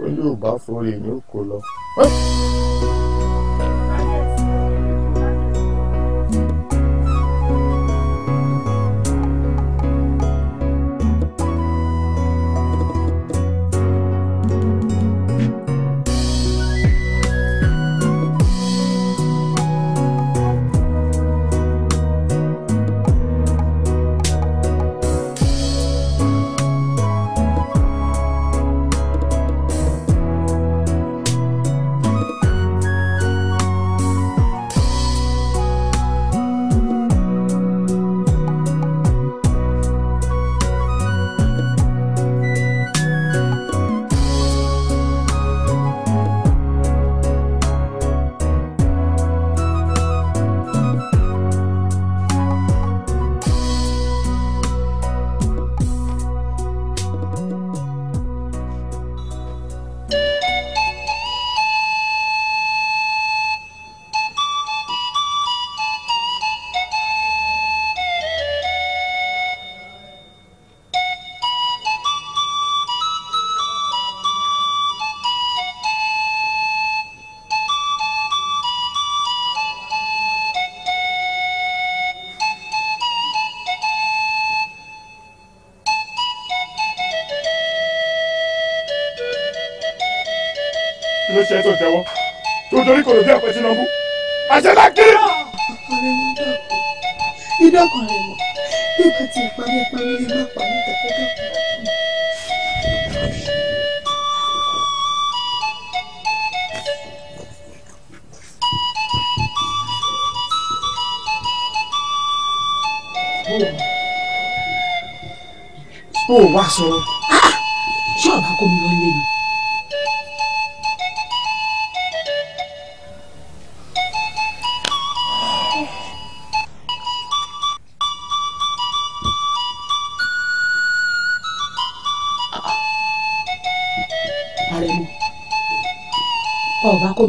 ó yóò bá forí mi kó lọ. kí ló ṣe tó tẹ́wọ́ tó torí kò lójú ẹ̀pẹ́ tinubu àṣẹ lákìrì. ìdọ́kọ̀ rẹ̀ mọ̀ nígbà tí ìparí ìparí lè má pa ní tẹ̀fẹ́dọ̀. ó wá sọ ah! ṣé ọba kò mú ọ lé ni.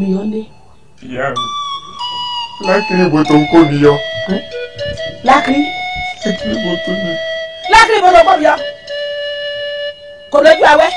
nìyọ ní. ìyá mi lákìrí ìbò tó ń kó nìyọ. lákìrí. lákìrí ìbò tó ń kó nìyọ. kò lójú àwẹ́.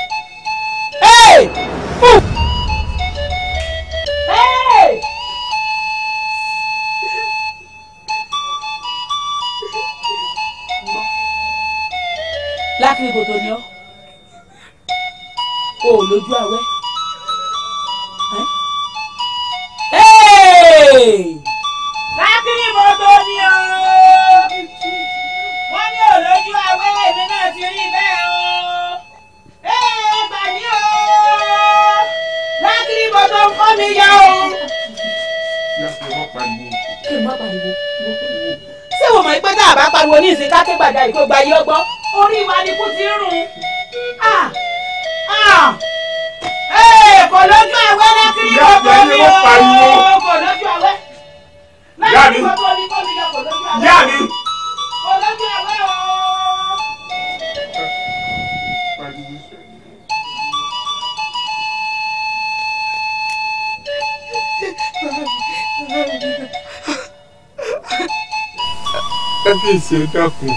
ṣe dákun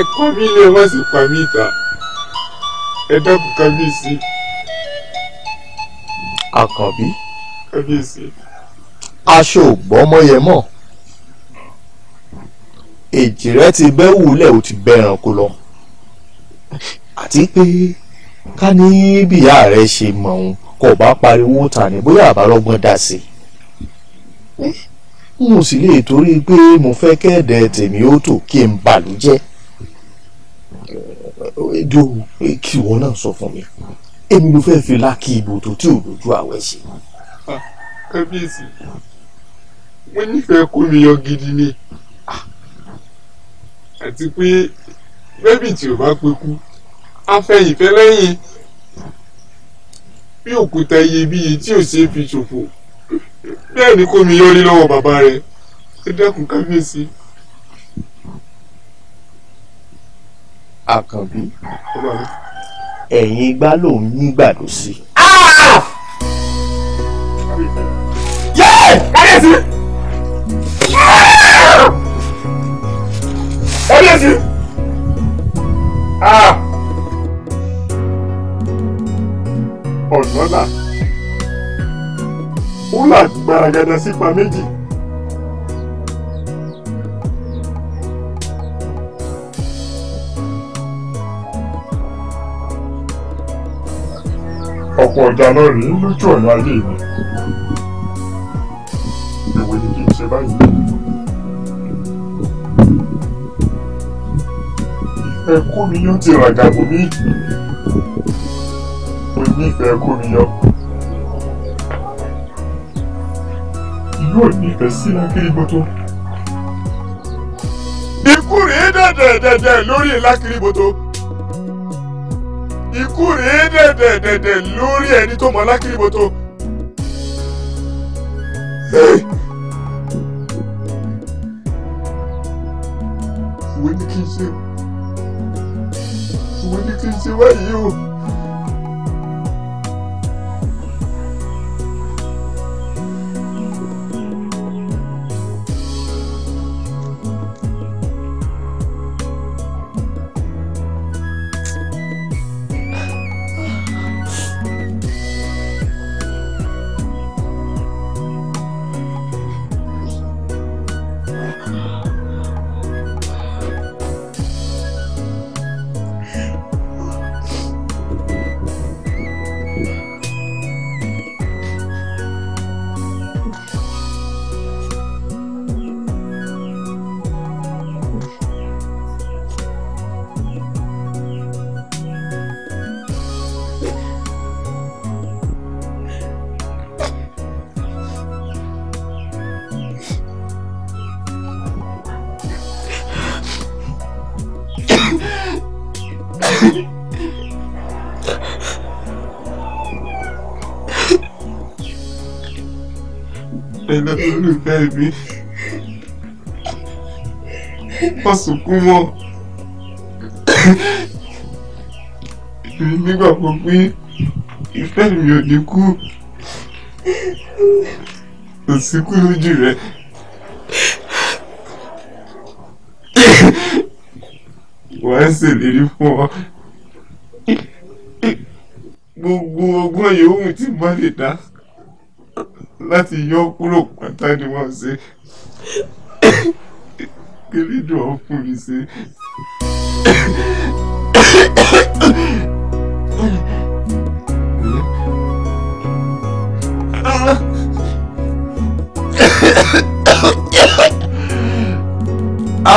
ẹ̀kọ́ mi lè má sì pa mí ìta ẹ dákun kábíyèsí. àkànbí. kábíyèsí. aṣọ ògbọ́mọyẹmọ èjì rẹ ti bẹ́ wúlẹ̀ ó ti bẹ́ ẹranko lọ àti pé ká ní bíyà rẹ ṣe mọ̀ òun kò bá pariwo tà ní bóyá àbárọ́gbọ́n dá sí i n ò sì lè torí pé mo fẹ́ kẹ́ẹ̀dẹ̀ tèmi ó tò kí n bàlú jẹ́ èdè o kí ìwọ náà sọ fún mi èmi ló fẹ́ fi láàkì ìbò tó tí ò lójú àwẹ̀ ṣe. Ah, kábíyèsí wọ́n nífẹ̀ẹ́ kó mi yan gidi ni ah, àti pé bẹ́bí tí ò bá pekú afẹ́yìnfẹ́ lẹ́yìn bí òkúta iyebíye tí ò ṣeé fi ṣòfò bẹ́ẹ̀ ni kò mi yọrí lọ́wọ́ bàbá rẹ̀ ẹ dákun kábíyèsí. àkànbí ẹ̀yìn igbá lòun nígbàdo sí. yẹ́ẹ̀ kábíyèsí. kábíyèsí. Ah! ọ̀nà náà fúlà gbaragada sípa méjì. ọ̀pọ̀ ọ̀jà lọ rèé lójú ọ̀nà ayé mi. ìwé ni kì í ṣe báyìí. ìfẹ́ kó mi yóò ti ràgàbò mí. mo nífẹ̀ẹ́ kó mi yọ. yóò nífẹ̀ẹ́ sí lákìrìbọ̀tọ̀. ikú rèé dẹ̀dẹ̀dẹ̀dẹ̀ lórí lákìrìbọ̀tọ̀. ikú rèé dẹ̀dẹ̀dẹ̀dẹ̀ lórí ẹni tó mọ lákìrìbọ̀tọ̀. ìwé ni kí n ṣe ìwé ni kí n ṣe wáyé o. ẹ̀lọ́ olùfẹ́ mi wọ́n sunkún mọ́ èmi nígbàgbọ́ pé ìfẹ́ mi ò ní kú kò sí kú lójú rẹ. wàá ṣèlérí fún ọ gbogbo ọgbọ́n yòówù tí mo lè dá láti yọ kúrò pátá ni wọ́n ṣe kéré dùn ọ́ fún mi ṣe. Ah!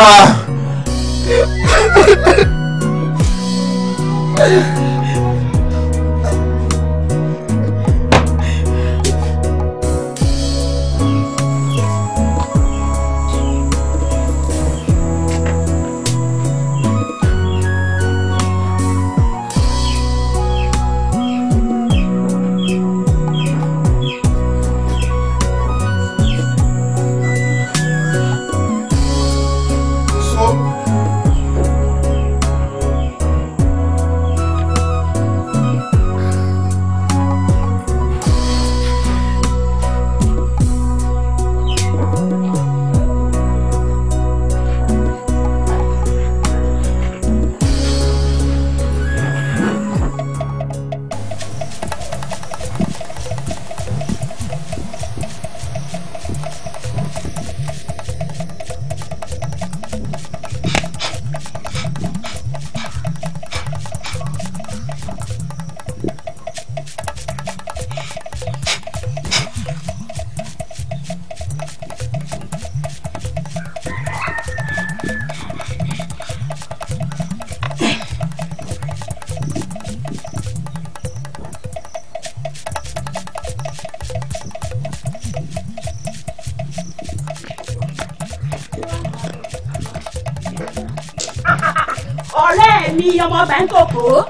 ọmọ bá ń kòkó.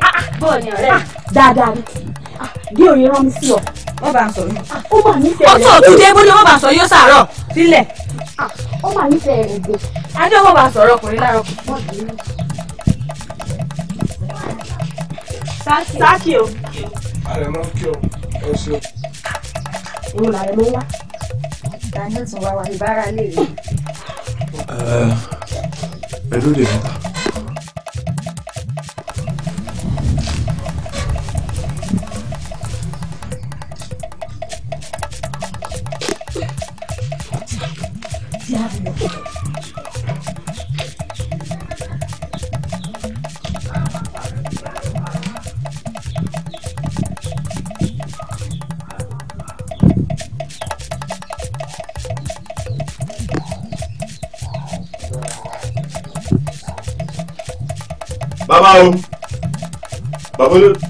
Ah, ah, bọ́ọ̀ ni ọ̀rẹ́ ah, dáadáa ni bí òye rán mi sí ọ. wọ́n bá ń sọ yìí. ó wà nífẹ̀ẹ́ rẹ̀. ó tó òtúndé bó ni wọ́n bá sọ yóò sàárọ̀ sílẹ̀. ó wà nífẹ̀ẹ́ rẹ̀ gbé. adé wọ́n bá sọ̀rọ̀ ọkùnrin láàárọ̀ kò mọ̀ sáàkì o. àrẹ̀mọ́ kí o ẹ ṣe. òun làrẹ̀ ló wá. daniel tún wá wá ìbára lè rí. ẹ ló lè mú ta. o bàbá olóòtú.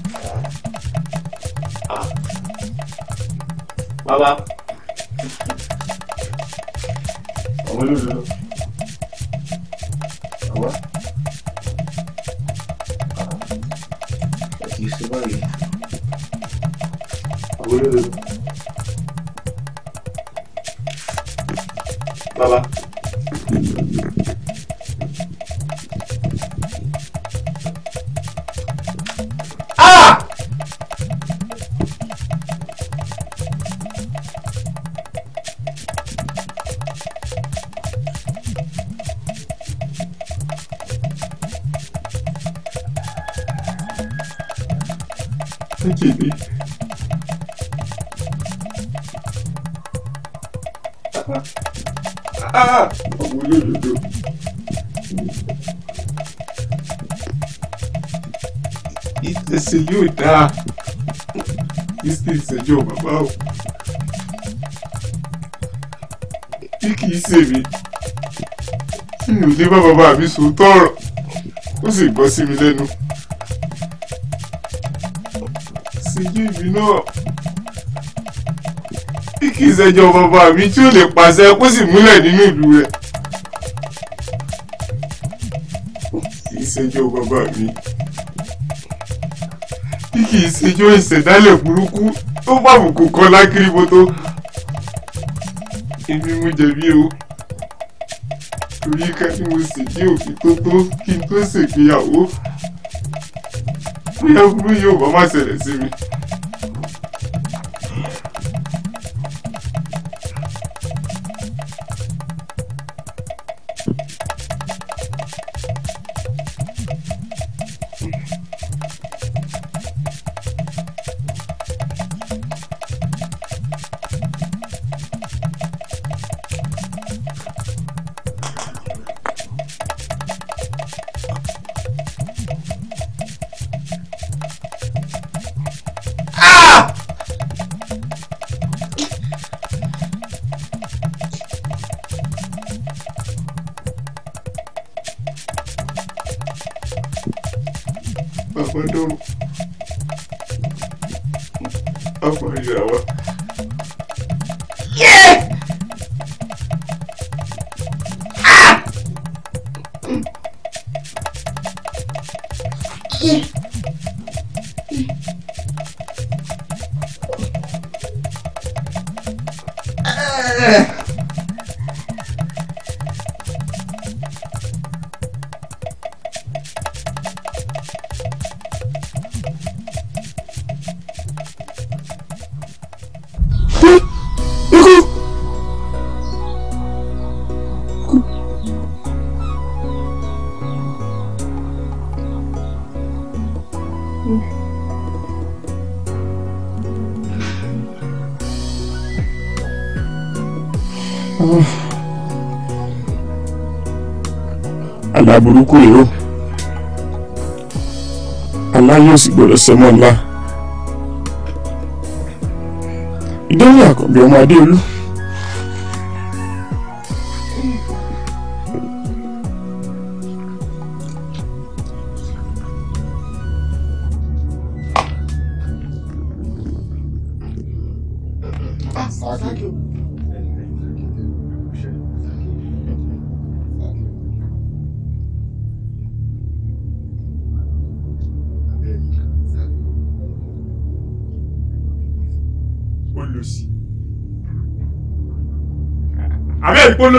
ṣe mí tí mi ò lè bá bàbá mi sòótọ́ ọ̀rọ̀ ó sì gbọ́ sí mi lẹ́nu. ṣèjú ìbí náà bí kì í ṣẹjọ́ bàbá mi tí ó lè pàṣẹ kó sì múlẹ̀ nínú ìlú rẹ̀. kì í ṣẹjọ́ bàbá mi bí kì í ṣẹjọ́ ìṣẹ̀dálẹ̀ burúkú tó bàbùkù kan lákìrìbọ̀tò èmi mo jẹ̀bi o orí kẹ́ tí mo sì tí ò fi tó tó kí n tó ṣègbéyàwó bóyá burú yóò bá má ṣẹlẹ̀ sí mi. àlá burúkú yìí o àlá yóò sì gbọdọ̀ sẹ́mọ́ ńlá ìdánwò àkànbí ọmọ adéolú.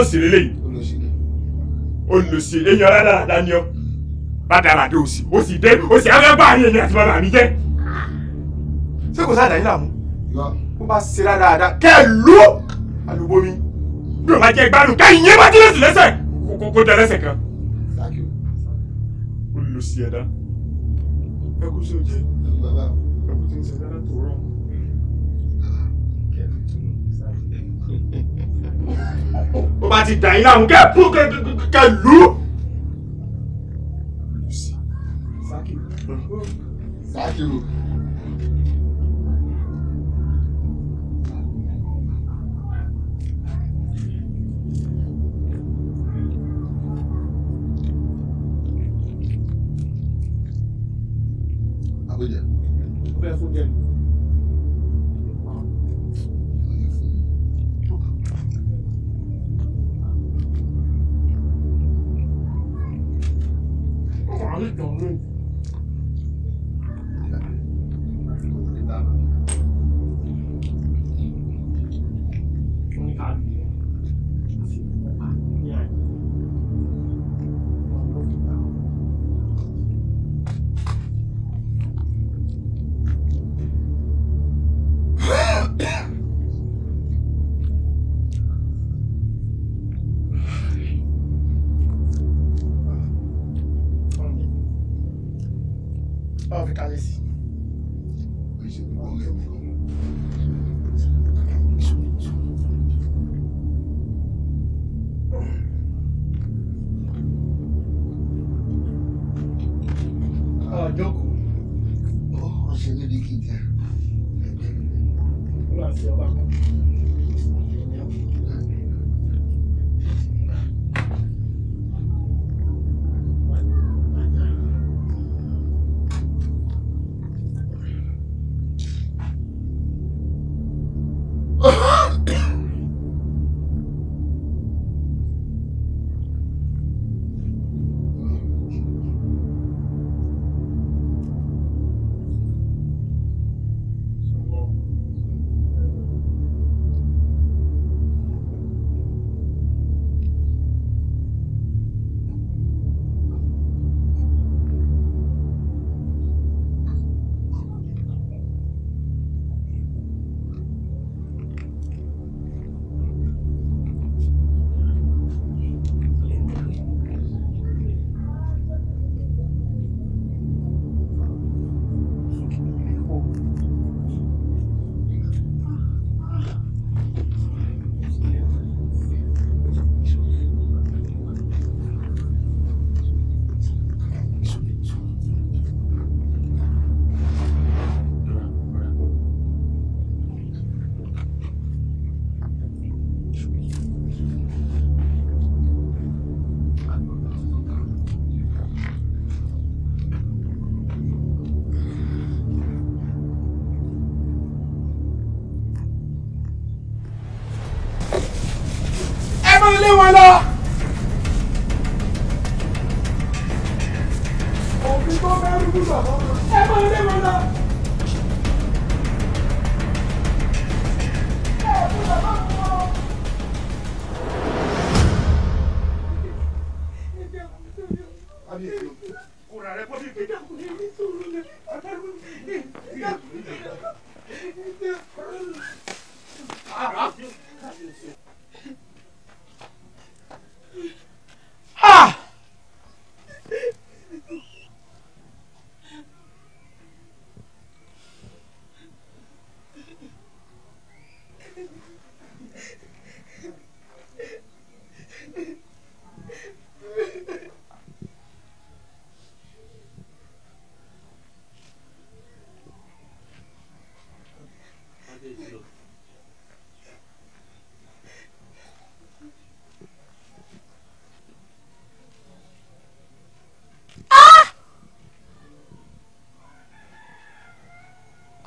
olóòsì lélẹ̀ yìí olóòsì èèyàn rárá rárá ni ọ rádaràdé òsì òsì dé òsì arábà àárín èmi àti bàbá mi jẹ. ṣé kò sáàdà yín làmú bó bá ṣe rádaràdá kẹ́ ẹ lú àlùbọ́mi bí o bá jẹ́ gbádùn ká ìyẹn bá délé sí lẹ́sẹ̀ kó kó dẹ lẹ́sẹ̀ kan. olóòsì ẹ̀dá ẹ kú sí ojú ẹ kú tí ń ṣe dáadáa tó rọrùn. bó bá ti dà yín láàmú kẹ́ bú kẹ́ lù ú. Sakiru. Sakiru.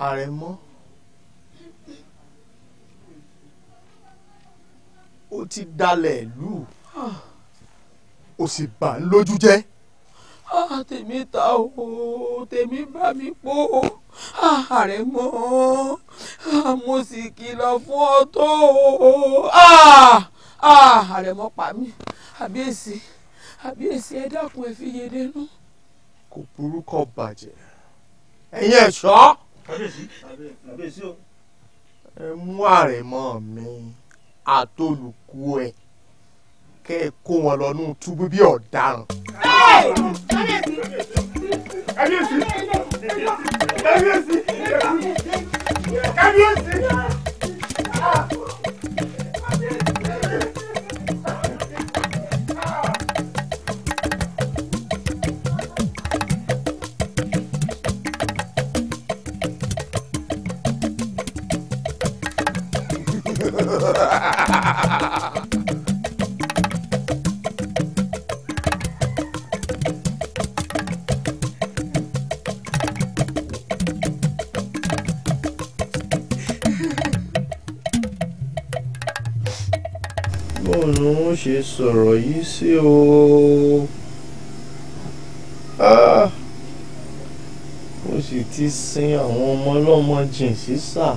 àrẹ̀mọ ó ti dalẹ̀ ìlú ó sì bà ń lójú jẹ́. Ah, tèmi ta o tèmi bá mi pò o ah, àrẹ̀mọ ah, mo sì kìlọ̀ fún ọ tó o àrẹ̀mọ pa mí àbíyèsí àbíyèsí ẹ dákun ẹ fi yé dénú. kò burúkọ bàjẹ́ ẹ̀yin ẹ̀ṣọ́ kábíyèsí kábíyèsí o. ẹ mú àrẹ̀mọ mi àtolùkù ẹ kẹ ẹ kó wọn lọ nù túbú bí ọ̀daràn. kábíyèsí kábíyèsí kábíyèsí kábíyèsí. ṣe sọ̀rọ̀ yìí sí o ah. mo sì ti sin àwọn ọmọ ọlọ́mọ jìn sísà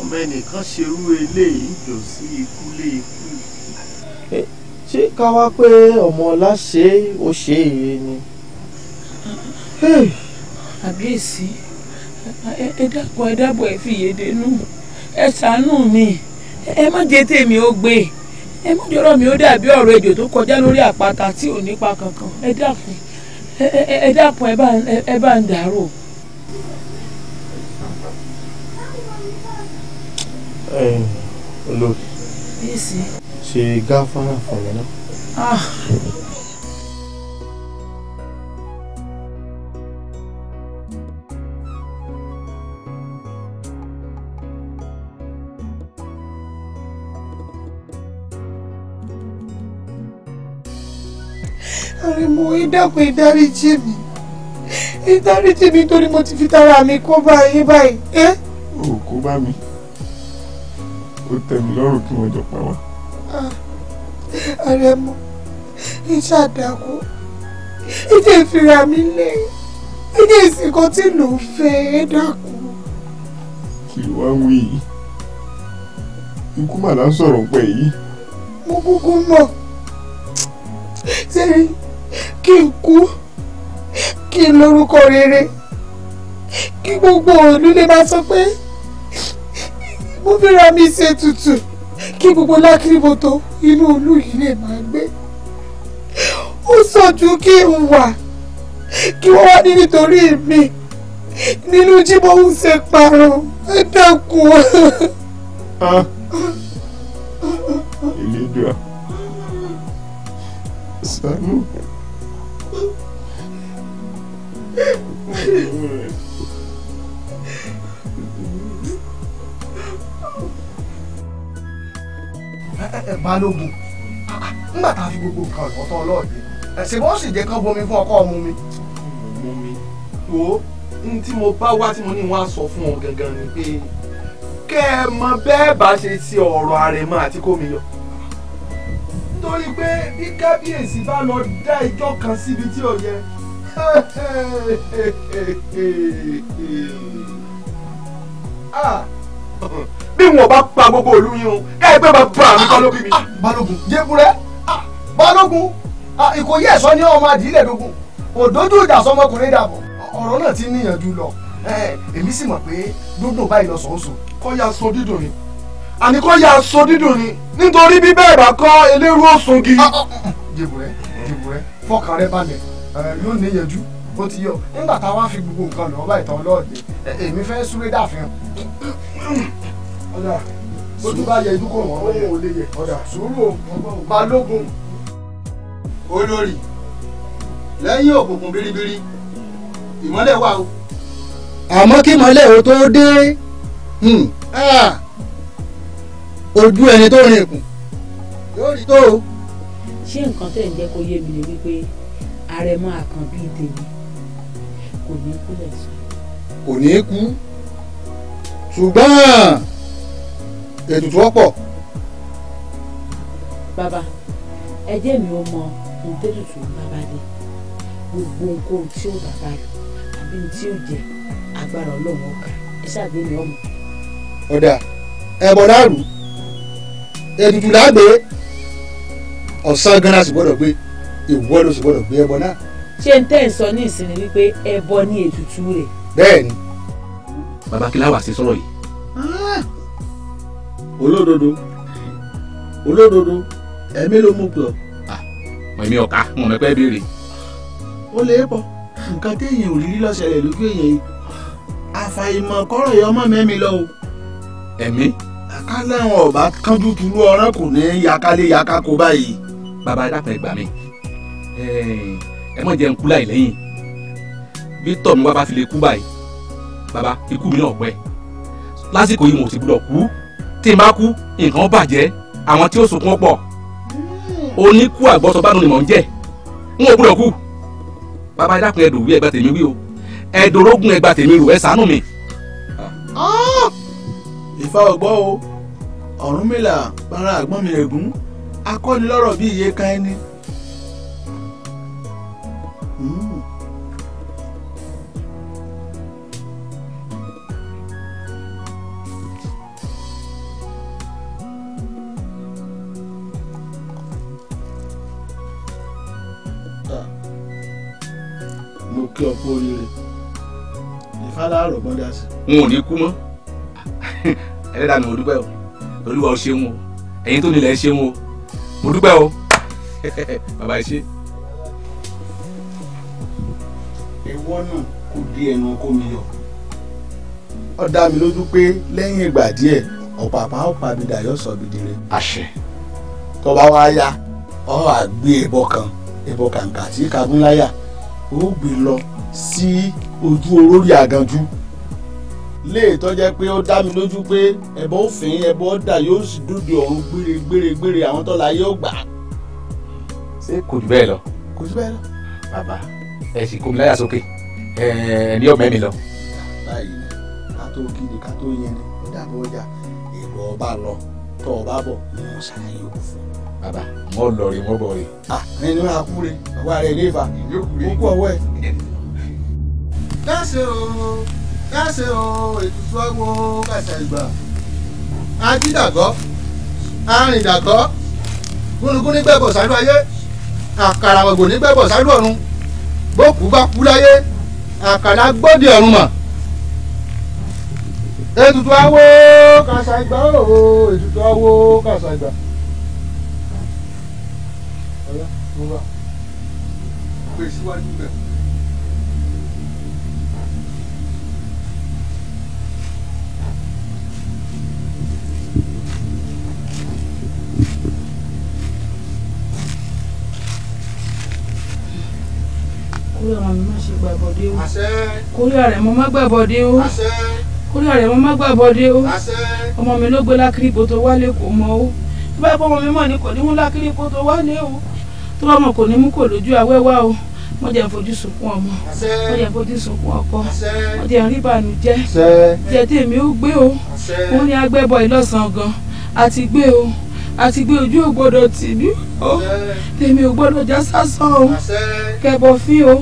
ọmọ ẹnìkan ṣerú eléyìí jò sí ikú lé ikú. Eh, ṣé ká wá pé ọmọ ọlá ṣe é ó ṣe é yé ni. Eh. àbíyèsí ẹ dákun ẹ dábọ̀ ẹ fi yèdè nù ẹ ṣàánú mi. ẹ má jẹ́ tèmi ó gbé ẹ má jọ̀rọ̀ mi ó dàbí ọ̀rọ̀ ejò tó kọjá lórí àpáta tí ò nípa kankan ẹ dákun ẹ dákun ẹ bá ń dàrú. ṣe dákun ìdáríjì mi ìdáríjì mi torí mo ti fi tara mi kó bá yín báyìí. o kó bá mi ó tẹ́ mi lọ́rùn kí wọ́n jọ pa wá. Ah, ààrẹ mọ iṣẹ́ àdàkọ ìdí ìfira mi lé ìdí ìsìnkú tí lò ń fẹ́ ẹ dákun. kí ló wá wí yìí ikú mà sọ̀rọ̀ pẹ̀ yìí. mo kúkú mọ̀ sẹ́yìn kí n kú kí n lórúkọ rere kí gbogbo òòlù lè máa sọ pé mo fẹ́ra mi ṣe tutù kí gbogbo lákìrìbọ̀tò inú olú yìí lè máa gbé ó sọ ju kí n wà kí wọ́n wá ní nítorí mi nínú jíbọ̀ ń ṣe parun ẹ dákun. Ah. Elédùà, ṣàánú mi. balógun nígbà tá a fi gbogbo nǹkan ọ̀tọ̀ ọlọ́ọ̀dẹ ẹ̀sìn wọ́n sì jẹ́ kán bomi fún ọkọ ọmú mi. mú mi wo n tí mo bá wá tí mo ní wọn á sọ fún ọ gangan ni pé kẹ́ ẹ mọ bẹ́ẹ̀ bá ṣe ti ọ̀rọ̀ àrẹ̀mọ àti kómi yọ. nítorí pé bí kábíyèsí bá lọ dá ẹjọ́ kan síbi tí ò yẹ Ah. bí wọn bá pa gbogbo òlu yín o káyọ̀ pé bàbá mi kọ́ ló mi. Ah, ah, balógun jẹ́kúrẹ́ balógun ìkòyí ẹ̀sọ́ ní ọmọ àdìlẹ̀ dogun òdójú ìjà sọmọkùnrin dàbọ̀ ọ̀rọ̀ náà ti níyànjú lọ èmi sì mọ̀ pé dúndùn báyìí lọ sọ̀ọ́sọ. kọ́ ya sọ dídùn ni àní kọ́ ya sọ dídùn ni nítorí bí bẹ́ẹ̀ bá kọ́ eléru òsùn gi. jẹ́kúrẹ́ jẹ́kúrẹ́ fọkàn rẹ balẹ̀ yóò níyànjú ó ti yọ nígbà tá fi gbogbo nǹkan lọ ọba ìtàn ọlọ́ọ̀dẹ èmi fẹ́ súré dàfihàn ọ̀dà ojú bá yẹ ìdúkọ̀ wọ́n òun ò lè yẹ ọ̀dà sùúrù balógun olórí lẹ́yìn òkùnkùn biribiri ìmọ́lẹ̀ wà o. àmọ́ kí ìmọ́lẹ̀ o tó dé hmm, ah, ojú ẹni tó rin ìkùn yóò rí tó ṣé nǹkan tẹ̀ ń jẹ́ kó yé mi ni wípé àrẹ̀mọ àkànbí tèmi kò ní kú lẹ́sàn. kò ní kú ṣùgbọ́n ètùtù ọ̀pọ̀. bàbá ẹjẹ́ mi ò mọ ohun tẹ́tùtù bàbá dé gbogbo nǹkan tí ó bàbá rẹ̀ àbí tí ó jẹ agbára ọlọ́run ọkà ẹ ṣáàbí mi ọmọ. ọ̀dà ẹ̀bọ̀ dàrú ètùtù làgbé ọ̀sán gan-an gbọ́dọ̀ gbé ìwọ ló sì gbọ́dọ̀ gbé ẹbọ náà. ṣé n tẹ́ ń sọ ní ìsinmi wípé ẹbọ ní ètùtù rẹ̀. bẹ́ẹ̀ni. bàbá kí láwàá sí sọ̀rọ̀ yìí. Ah! olódodo olódodo ẹ̀mí ló mú gbọ́. Ah, ẹ̀mí ọ̀ka mo mẹ́pẹ́ béèrè. ó lè bọ̀ nǹkan téèyàn ò rírí lọ́sẹ̀rẹ̀ lójú èèyàn yìí àfàìmọ̀ kọ́rọ̀ yọ ọmọ mẹ́mi lọ o. ẹ̀mí. akálẹ̀ wọn ọba kánjú tulu ọ̀rán kò ní yakalé yaka kó báyìí. bàbá dákun ẹ gbà mí ẹ mọ̀ jẹ́ nkú láì lẹ́yìn bí tọ̀ mi wá bá fi lè kú báyìí bàbá ikú mi náà pẹ́ lásìkò yìí mo sì gbúdọ̀ kú tí n bá kú nǹkan bàjẹ́ àwọn tí ó sunkún pọ̀ oníkú àgbọ̀sọ̀bánu ni mò ń jẹ́ n ò gbúdọ̀ kú bàbá dákun ẹ̀dùn wí ẹ̀gbà tèmi wí o ẹ̀dọ̀rógún ẹ̀gbà tèmi rò ẹ̀ ṣàánú mi. ìfà ah! ọgbọ́ o ọ̀rúnmìlà para àgbọ̀n mi rẹ̀ gún akọ́nilọ́rọ̀ bí iye kan ẹni n ò ní kú mọ́ ẹlẹ́dàá mi mo dúpẹ́ o olúwa ó ṣeun o ẹ̀yin tó nílẹ̀ ẹ ṣeun o mo dúpẹ́ o bàbá ẹ ṣe. ìwọ náà kò di ẹnu ọkọ mi yọ. ó dá mi lójú pé lẹ́yìn ìgbà díẹ̀ ọ̀pàpá ọ̀pá mi dàyọ̀ sọ mi dire. àṣẹ. tó bá wá yá ọ àgbé ẹbọ kan ẹbọ kàǹkà sí kagúnláyà ó gbé lọ sí ojú olórí àgànjú léè tó jẹ́ pé ó dá mi lójú pé ẹbọ òfin ẹbọ ọ̀dà yóò sì dúdú ọ̀run gbére gbére gbére àwọn tọ́lá yóò gbà. ṣé kò jù bẹ́ẹ̀ lọ. kò jù bẹ́ẹ̀ lọ. bàbá ẹ sì kó mi láyà sókè ẹ ẹ ní ọmọ mi lọ. báyìí ni ká tó kéde ká tó yẹn ni ó dàbí ọjà èrò ọba lọ tọ ọba bọ wọn ṣàlàyé òkú fún un. bàbá wọn lọ rí wọn bọ rí. à nínú àkúrè ọwọ́ rẹ̀ ilé ìfà ó kú ọwọ́ ẹ̀. dáṣe ooo yáṣe o ètùtù ọwọ́ kàṣà ìgbà ajídàgọ́ arìndàgọ́ gúnugún nígbẹ̀bọ̀ sálú ayé àkàràwọ̀gbò nígbẹ̀bọ̀ sálú ọ̀run bókú bá kú láyé àkàrà gbọ́dì ọ̀run mọ̀ ètùtù awo kàṣà ìgbà o ètùtù awo kàṣà ìgbà. Ọ̀la mo bá pèsè e wájú bẹ́ẹ̀. kórìà rẹ̀ mo má ṣe gbàbọ̀dé o kórìà rẹ̀ mo má gbàbọ̀dé o kórìà rẹ̀ mo má gbàbọ̀dé o ọmọ mi ló gbé lákìrìpò tó wálé kò mọ o tó bá bọ́ ọmọ mi mọ̀ ni kò ní mú lákìrìpò tó wálé o tó bá mọ̀ kò ní mú kò lójú awẹ́wà o mo jẹ́ fojú sunkún ọmọ mo jẹ́ fojú sunkún ọkọ mo jẹ́ rí ìbànújẹ́ jẹ́ tèmi ó gbé o mo ní agbẹ́bọ̀ ìlọ́sàn gan àti gbé o àti gbé ojú ò gbọ́dọ̀ tìlú o tèmi ò gbọ́dọ̀ já sásán o kẹbọ fí o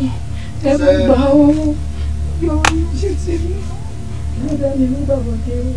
tẹbọ gbà o yọ orí ṣe tìlú ló dá mi ní bàbá kéré.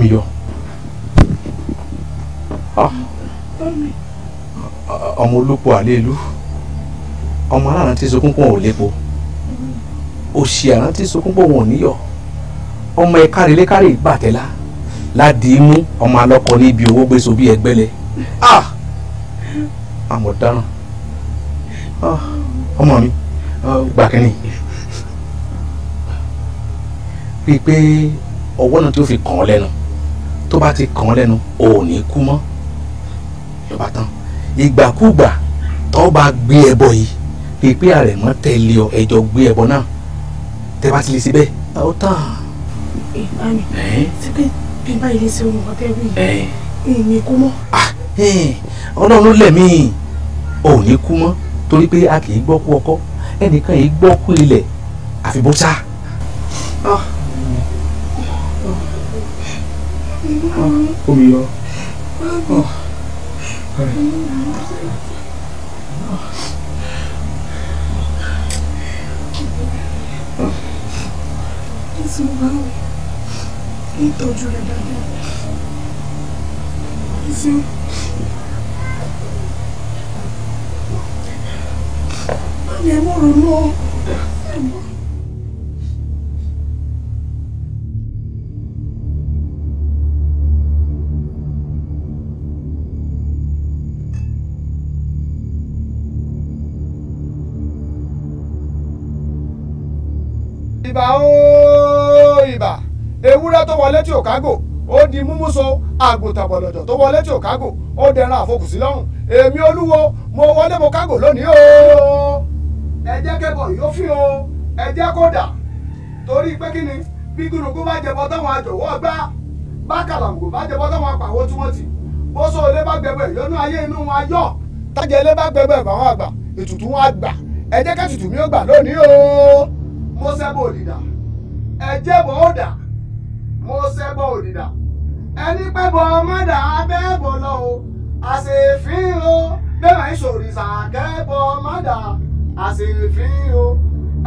mi yọ. Ah. ọmọ olóko àlélu ọmọ alárántí sokúnpọ̀ ò lépo òṣì àrántí sokúnpọ̀ wọn ò níyọ̀ ọmọ ẹ̀kárí lẹ́kárí ìgbàtẹ́lá ládìímú ọmọ alọ́kọ níbi owó gbèsò bíi ẹgbẹ́lẹ̀ ah! àmọ̀ dáná ah! ọmọ mi gbàkínní bíi pé ọwọ́ náà tó fi kàn án lẹ́nu tó bá ti kàn lẹ́nu ò ní kú mọ́ yọba tán ìgbàkúgbà tó bá gbé ẹbọ yìí rí i pé àrẹ̀mọ́ tẹ̀lé ọ ẹjọ́ gbé ẹbọ náà tẹ́ bá ti lè ṣe bẹ́ẹ̀ ó tàn. ẹ bá mi ṣe pé bí báyìí lè ṣe ohun ọ̀tẹ́ bí yìí ní kú mọ́. Ah, ọlọ́run ló lẹ̀mí ò ní kú mọ́ torí pé a kì í gbọ́ ọkọ ẹnìkan yìí gbọ́ ilẹ̀ àfi bó sá omi yọ. Jésù báwo ń tọ́jú rẹ̀ dáadáa. Jésù. Má lè mọ̀rọ̀ mọ́. tí ò kágò ó di múmúso àgùntàn bọ̀lọ̀jọ̀ tó wọlé tí ò ó dẹran àfokùsí lọ́rùn èmi olúwo mo wọlé mo kágò lónìí o. ẹ jẹ́ kẹ́bọ̀ yóò fi o ẹ jẹ́ kó dà torí pé kí ni bí gúnugún bá jẹbọ táwọn àjọwọ́ gbá bá kàlàǹgò bá jẹbọ táwọn apàwọ́ tí wọ́n ti bó so ilé bá gbẹbẹ ìyọnú ayé inú wọn ayọ̀ tájà ilé bá gbẹbẹ ìbáwọn àgbà ètùtù wọn àgbà ẹ jẹ́ kẹ́tùtù mi ó gbà lónìí o. mo sẹ́ bò dìdà ẹ jẹ́ bò ó dà mo ṣẹbọ òdìdà ẹni pẹ́bọ mọ́dà abẹ́bọ̀ lọ o àṣèfín o bẹ́ẹ̀ máa ń ṣòrìṣà kẹ́bọ mọ́dà àṣèfín o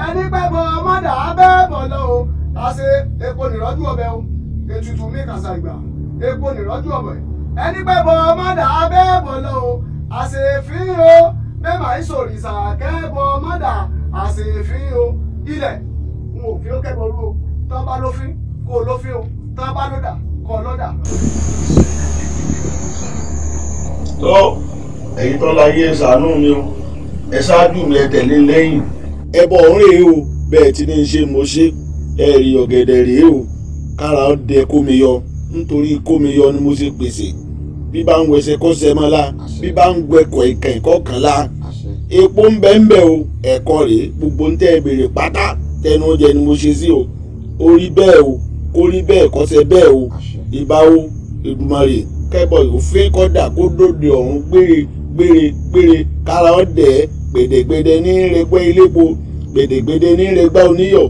ẹni pẹ́bọ mọ́dà abẹ́bọ̀ lọ o àṣe epo nìrọ́jú ọbẹ̀ o ètùtù mi kàṣà ìgbà epo nìrọ́jú ọbẹ̀ ẹni pẹ́bọ mọ́dà abẹ́bọ̀ lọ o àṣèfín o bẹ́ẹ̀ máa ń ṣòrìṣà kẹ́bọ mọ́dà àṣèfín o ilẹ̀ n ò fi ó kẹ́bọ rú o tán bá ló fín kó o ló fi o tá a bá lọ́dà kó o lọ́dà. tó ẹ̀yin tó la yé ṣàánú mi o ẹ ṣáájú mi ẹ tẹ̀lé lẹ́yìn. ẹ bọ̀ ń rèé o bẹ́ẹ̀ tí ní í ṣe mo ṣe ẹ rí ọ̀gẹ̀dẹ̀ rèé o kára ń dẹ kómi yọ nítorí kómi yọ ni mo ṣe pèsè bí bá ń wẹsẹ̀ kó sẹ mọ́ la bí bá ń gbẹkọ̀ ìkàn ìkọ̀kan la epo ń bẹ ń bẹ o ẹ̀kọ́ rèé gbogbo ń tẹ́ ẹ béèrè pátá tẹnu oúnjẹ ni mo ṣe sí o orí bẹ́ẹ̀ o kó rí bẹ́ẹ̀ kọ́sẹ̀ bẹ́ẹ̀ o ìbáwo Èdùmàrè kẹ́bọ̀ òfin kọ́dà kó dòde ọ̀run gbére gbére gbére kára ọ̀dẹ̀ gbèdégbèdé ní rẹgbẹ́ ilépo gbèdégbèdé ní rẹgbẹ́ oníyọ̀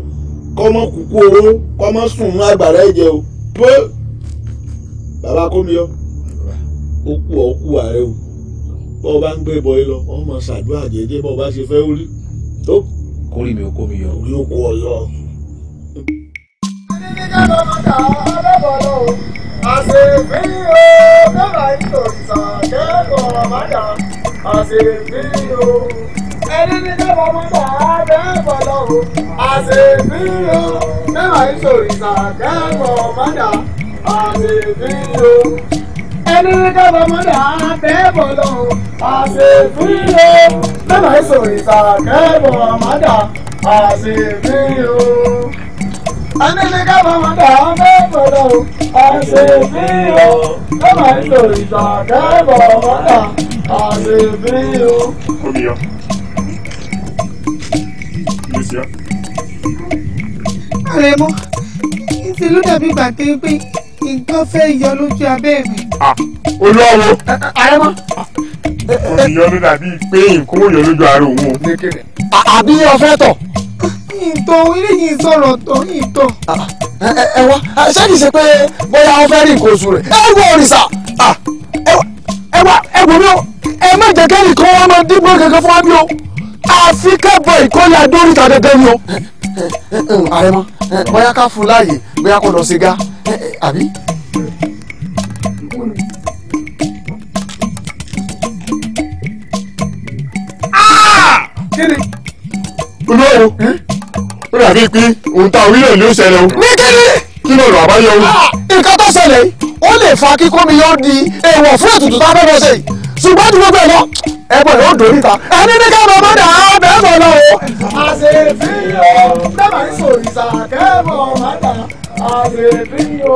kọ́mọ́ kúkú oró kọ́mọ́ sùn ní àgbàrá ẹ̀jẹ̀ o pé bàbá kómiyọ́ ó kú ọ́ kú ààrẹ o bọ́ ọ bá ń gbé bọ́ ẹ lọ ọmọ ṣàdúrà jẹ́jẹ́ bọ́ ọ bá ṣe fẹ́ orí tó. kórìmí okó mi yọ. orí okó ọyọ ẹni ní dẹ́wọ̀ mọ́tà dẹ́wọ̀ lọ́wọ́ àṣèbíyó mẹ́wàá ìṣòrìṣà dẹ́wọ̀ mọ́tà àṣèbíyó. ẹni ní dẹ́wọ̀ mọ́tà dẹ́wọ̀ lọ́wọ́ àṣèbíyó mẹ́wàá ìṣòrìṣà dẹ́wọ̀ mọ́tà àṣèbíyó anílí kábàámọ̀ dà á mẹ́kọ̀ọ́dọ̀ àṣèbí o kábà nílò ìtàn kẹ́bọ̀ọ́mọ̀ dà àṣèbí o. Omiyo. Lucia. Àrẹ̀mọ, ìṣe ló dàbí ìgbà pé pé nǹkan fẹ́ yọ lójú abẹ́ mi. Olúwawo. Àrẹ̀mọ. Òyìnbó ló dàbí pé nǹkan ò yọ lójú ara òun o. Àbí ọfẹ́ tọ̀ ìtọ̀ eléyìí sọ̀rọ̀ tọ̀ ìtọ̀. ẹ wá ṣé kìí ṣe pé bóyá wọn fẹ́ rí nǹkan oṣù rẹ̀ ẹ wọ òrìṣà ah, ẹ wá ẹ wò mí o ẹ má jẹ́ kẹ́rì kan wọn máa dìbò kankan fún wa bí o àfi kẹ́bọ̀ ìkọ́lé adóríta dandan ni o. àrẹ̀mọ bóyá ká fún láàyè bóyá kó lọ sí ga àbí. Ah! kí ni olówó ó dàbí pé òun ta orílẹ̀ èdè ó ṣẹlẹ̀ o. ní kíni. kí ló lọ àbáyọ o. Ah, nǹkan tó ṣẹlẹ̀ yìí ó lè fa kíkó mi yóò di èèwọ̀ fún ètùtù tá a fẹ́ fẹ́ ṣe yìí ṣùgbọ́n tí gbogbo ẹ̀ lọ ẹ̀gbọ́n yóò dòrí ta ẹni ní kẹ́mọ̀ má dà á bẹ́ẹ̀ mọ̀ lọ o. àṣẹ fi yọ dábàá ní sòrìṣà kẹ́mọ̀ má dà àṣèfín o.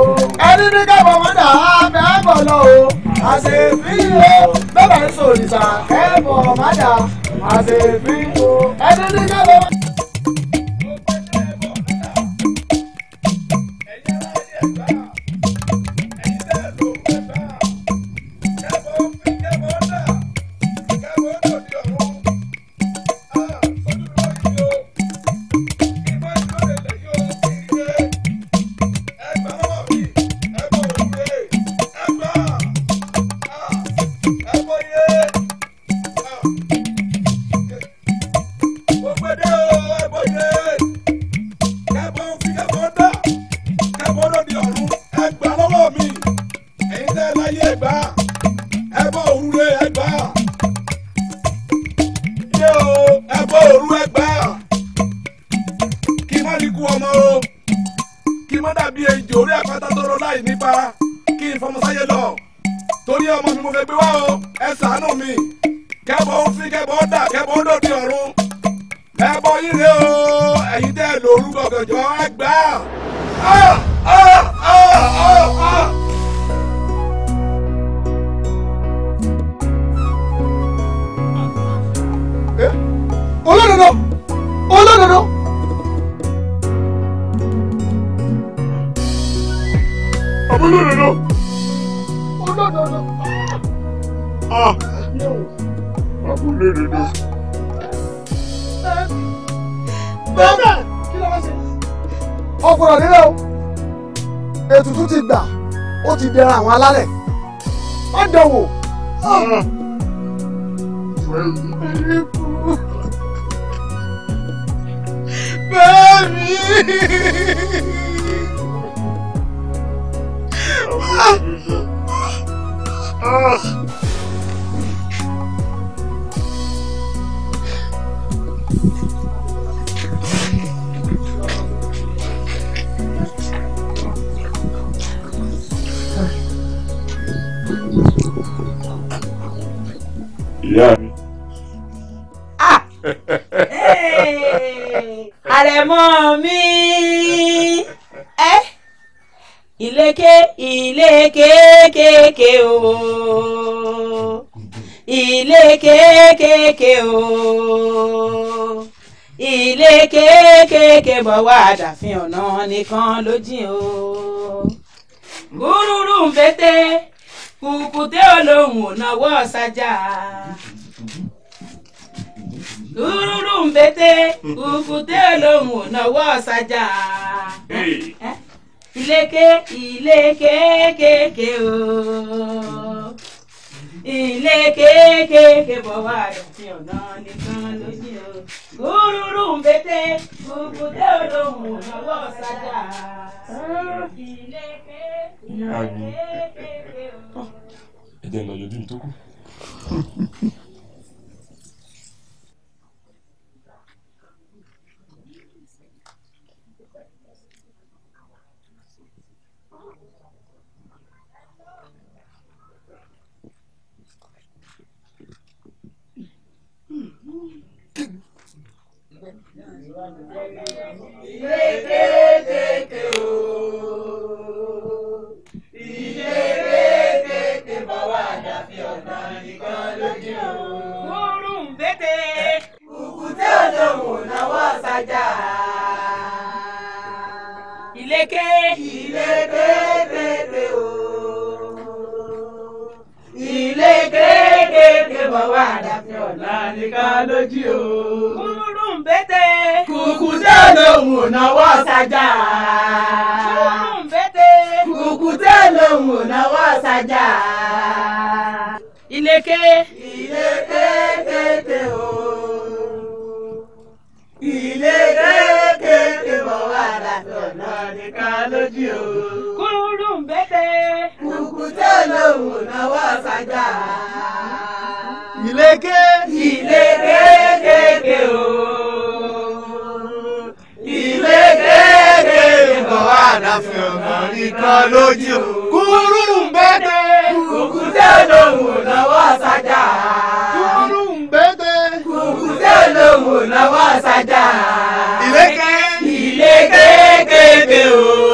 ẹni ní kábọ̀ mọ́dà abẹ́ àbọ̀ lọ o. àṣèfín o. bẹ́ẹ̀ bá ń sòrìṣà ẹ̀bọ̀ mọ́dà àṣèfín o. ẹni ní kábọ̀ mọ́dà. àwọn alárẹ̀ kéékèèké o ilé kéékèèké bọ̀ wá àdàfin ọ̀nà nìkan ló o gúrúrú ń fété kùkùté olóhùn ò náwó ọ̀sájà gúrúrú ń fété kùkùté olóhùn ò náwó ọ̀sájà ilé ké ilé kéékèèké o ilé kéékèèké bọ̀ wá àdùnfin ọ̀nà nìkan lójì o gúrúrú ń bété gúgúdé olóhùn ọ̀nàwọ́ sájà ilé kéékèèké. ẹ jẹ́ ń lọ yọjú mi tó kù. ìka lójú o. kúrú ń bẹ́tẹ̀. kùkù tẹ́ lòun ò náwó sájà. kúrú ń bẹ́tẹ̀. kùkù tẹ́ lòun ò náwó sájà. ìlẹ̀kẹ̀. ìlẹ̀kẹ̀ kété o. ìlẹ̀kẹ̀ kété bọ̀ wá látọ̀nà ìka lójú o. kúrú ń bẹ́tẹ̀. kùkù tẹ́ lòun ò náwó sájà. ìlẹ̀kẹ̀ ilé kéékèèké o ilé kéékèèké bọ̀ wá láfi ọmọ nìkan lójú o. kúrú ń bẹ́tẹ̀. kùkùté olóhùn lọ́wọ́ sájà. kúrú ń bẹ́tẹ̀. kùkùté olóhùn lọ́wọ́ sájà. ilé kéékèèké o.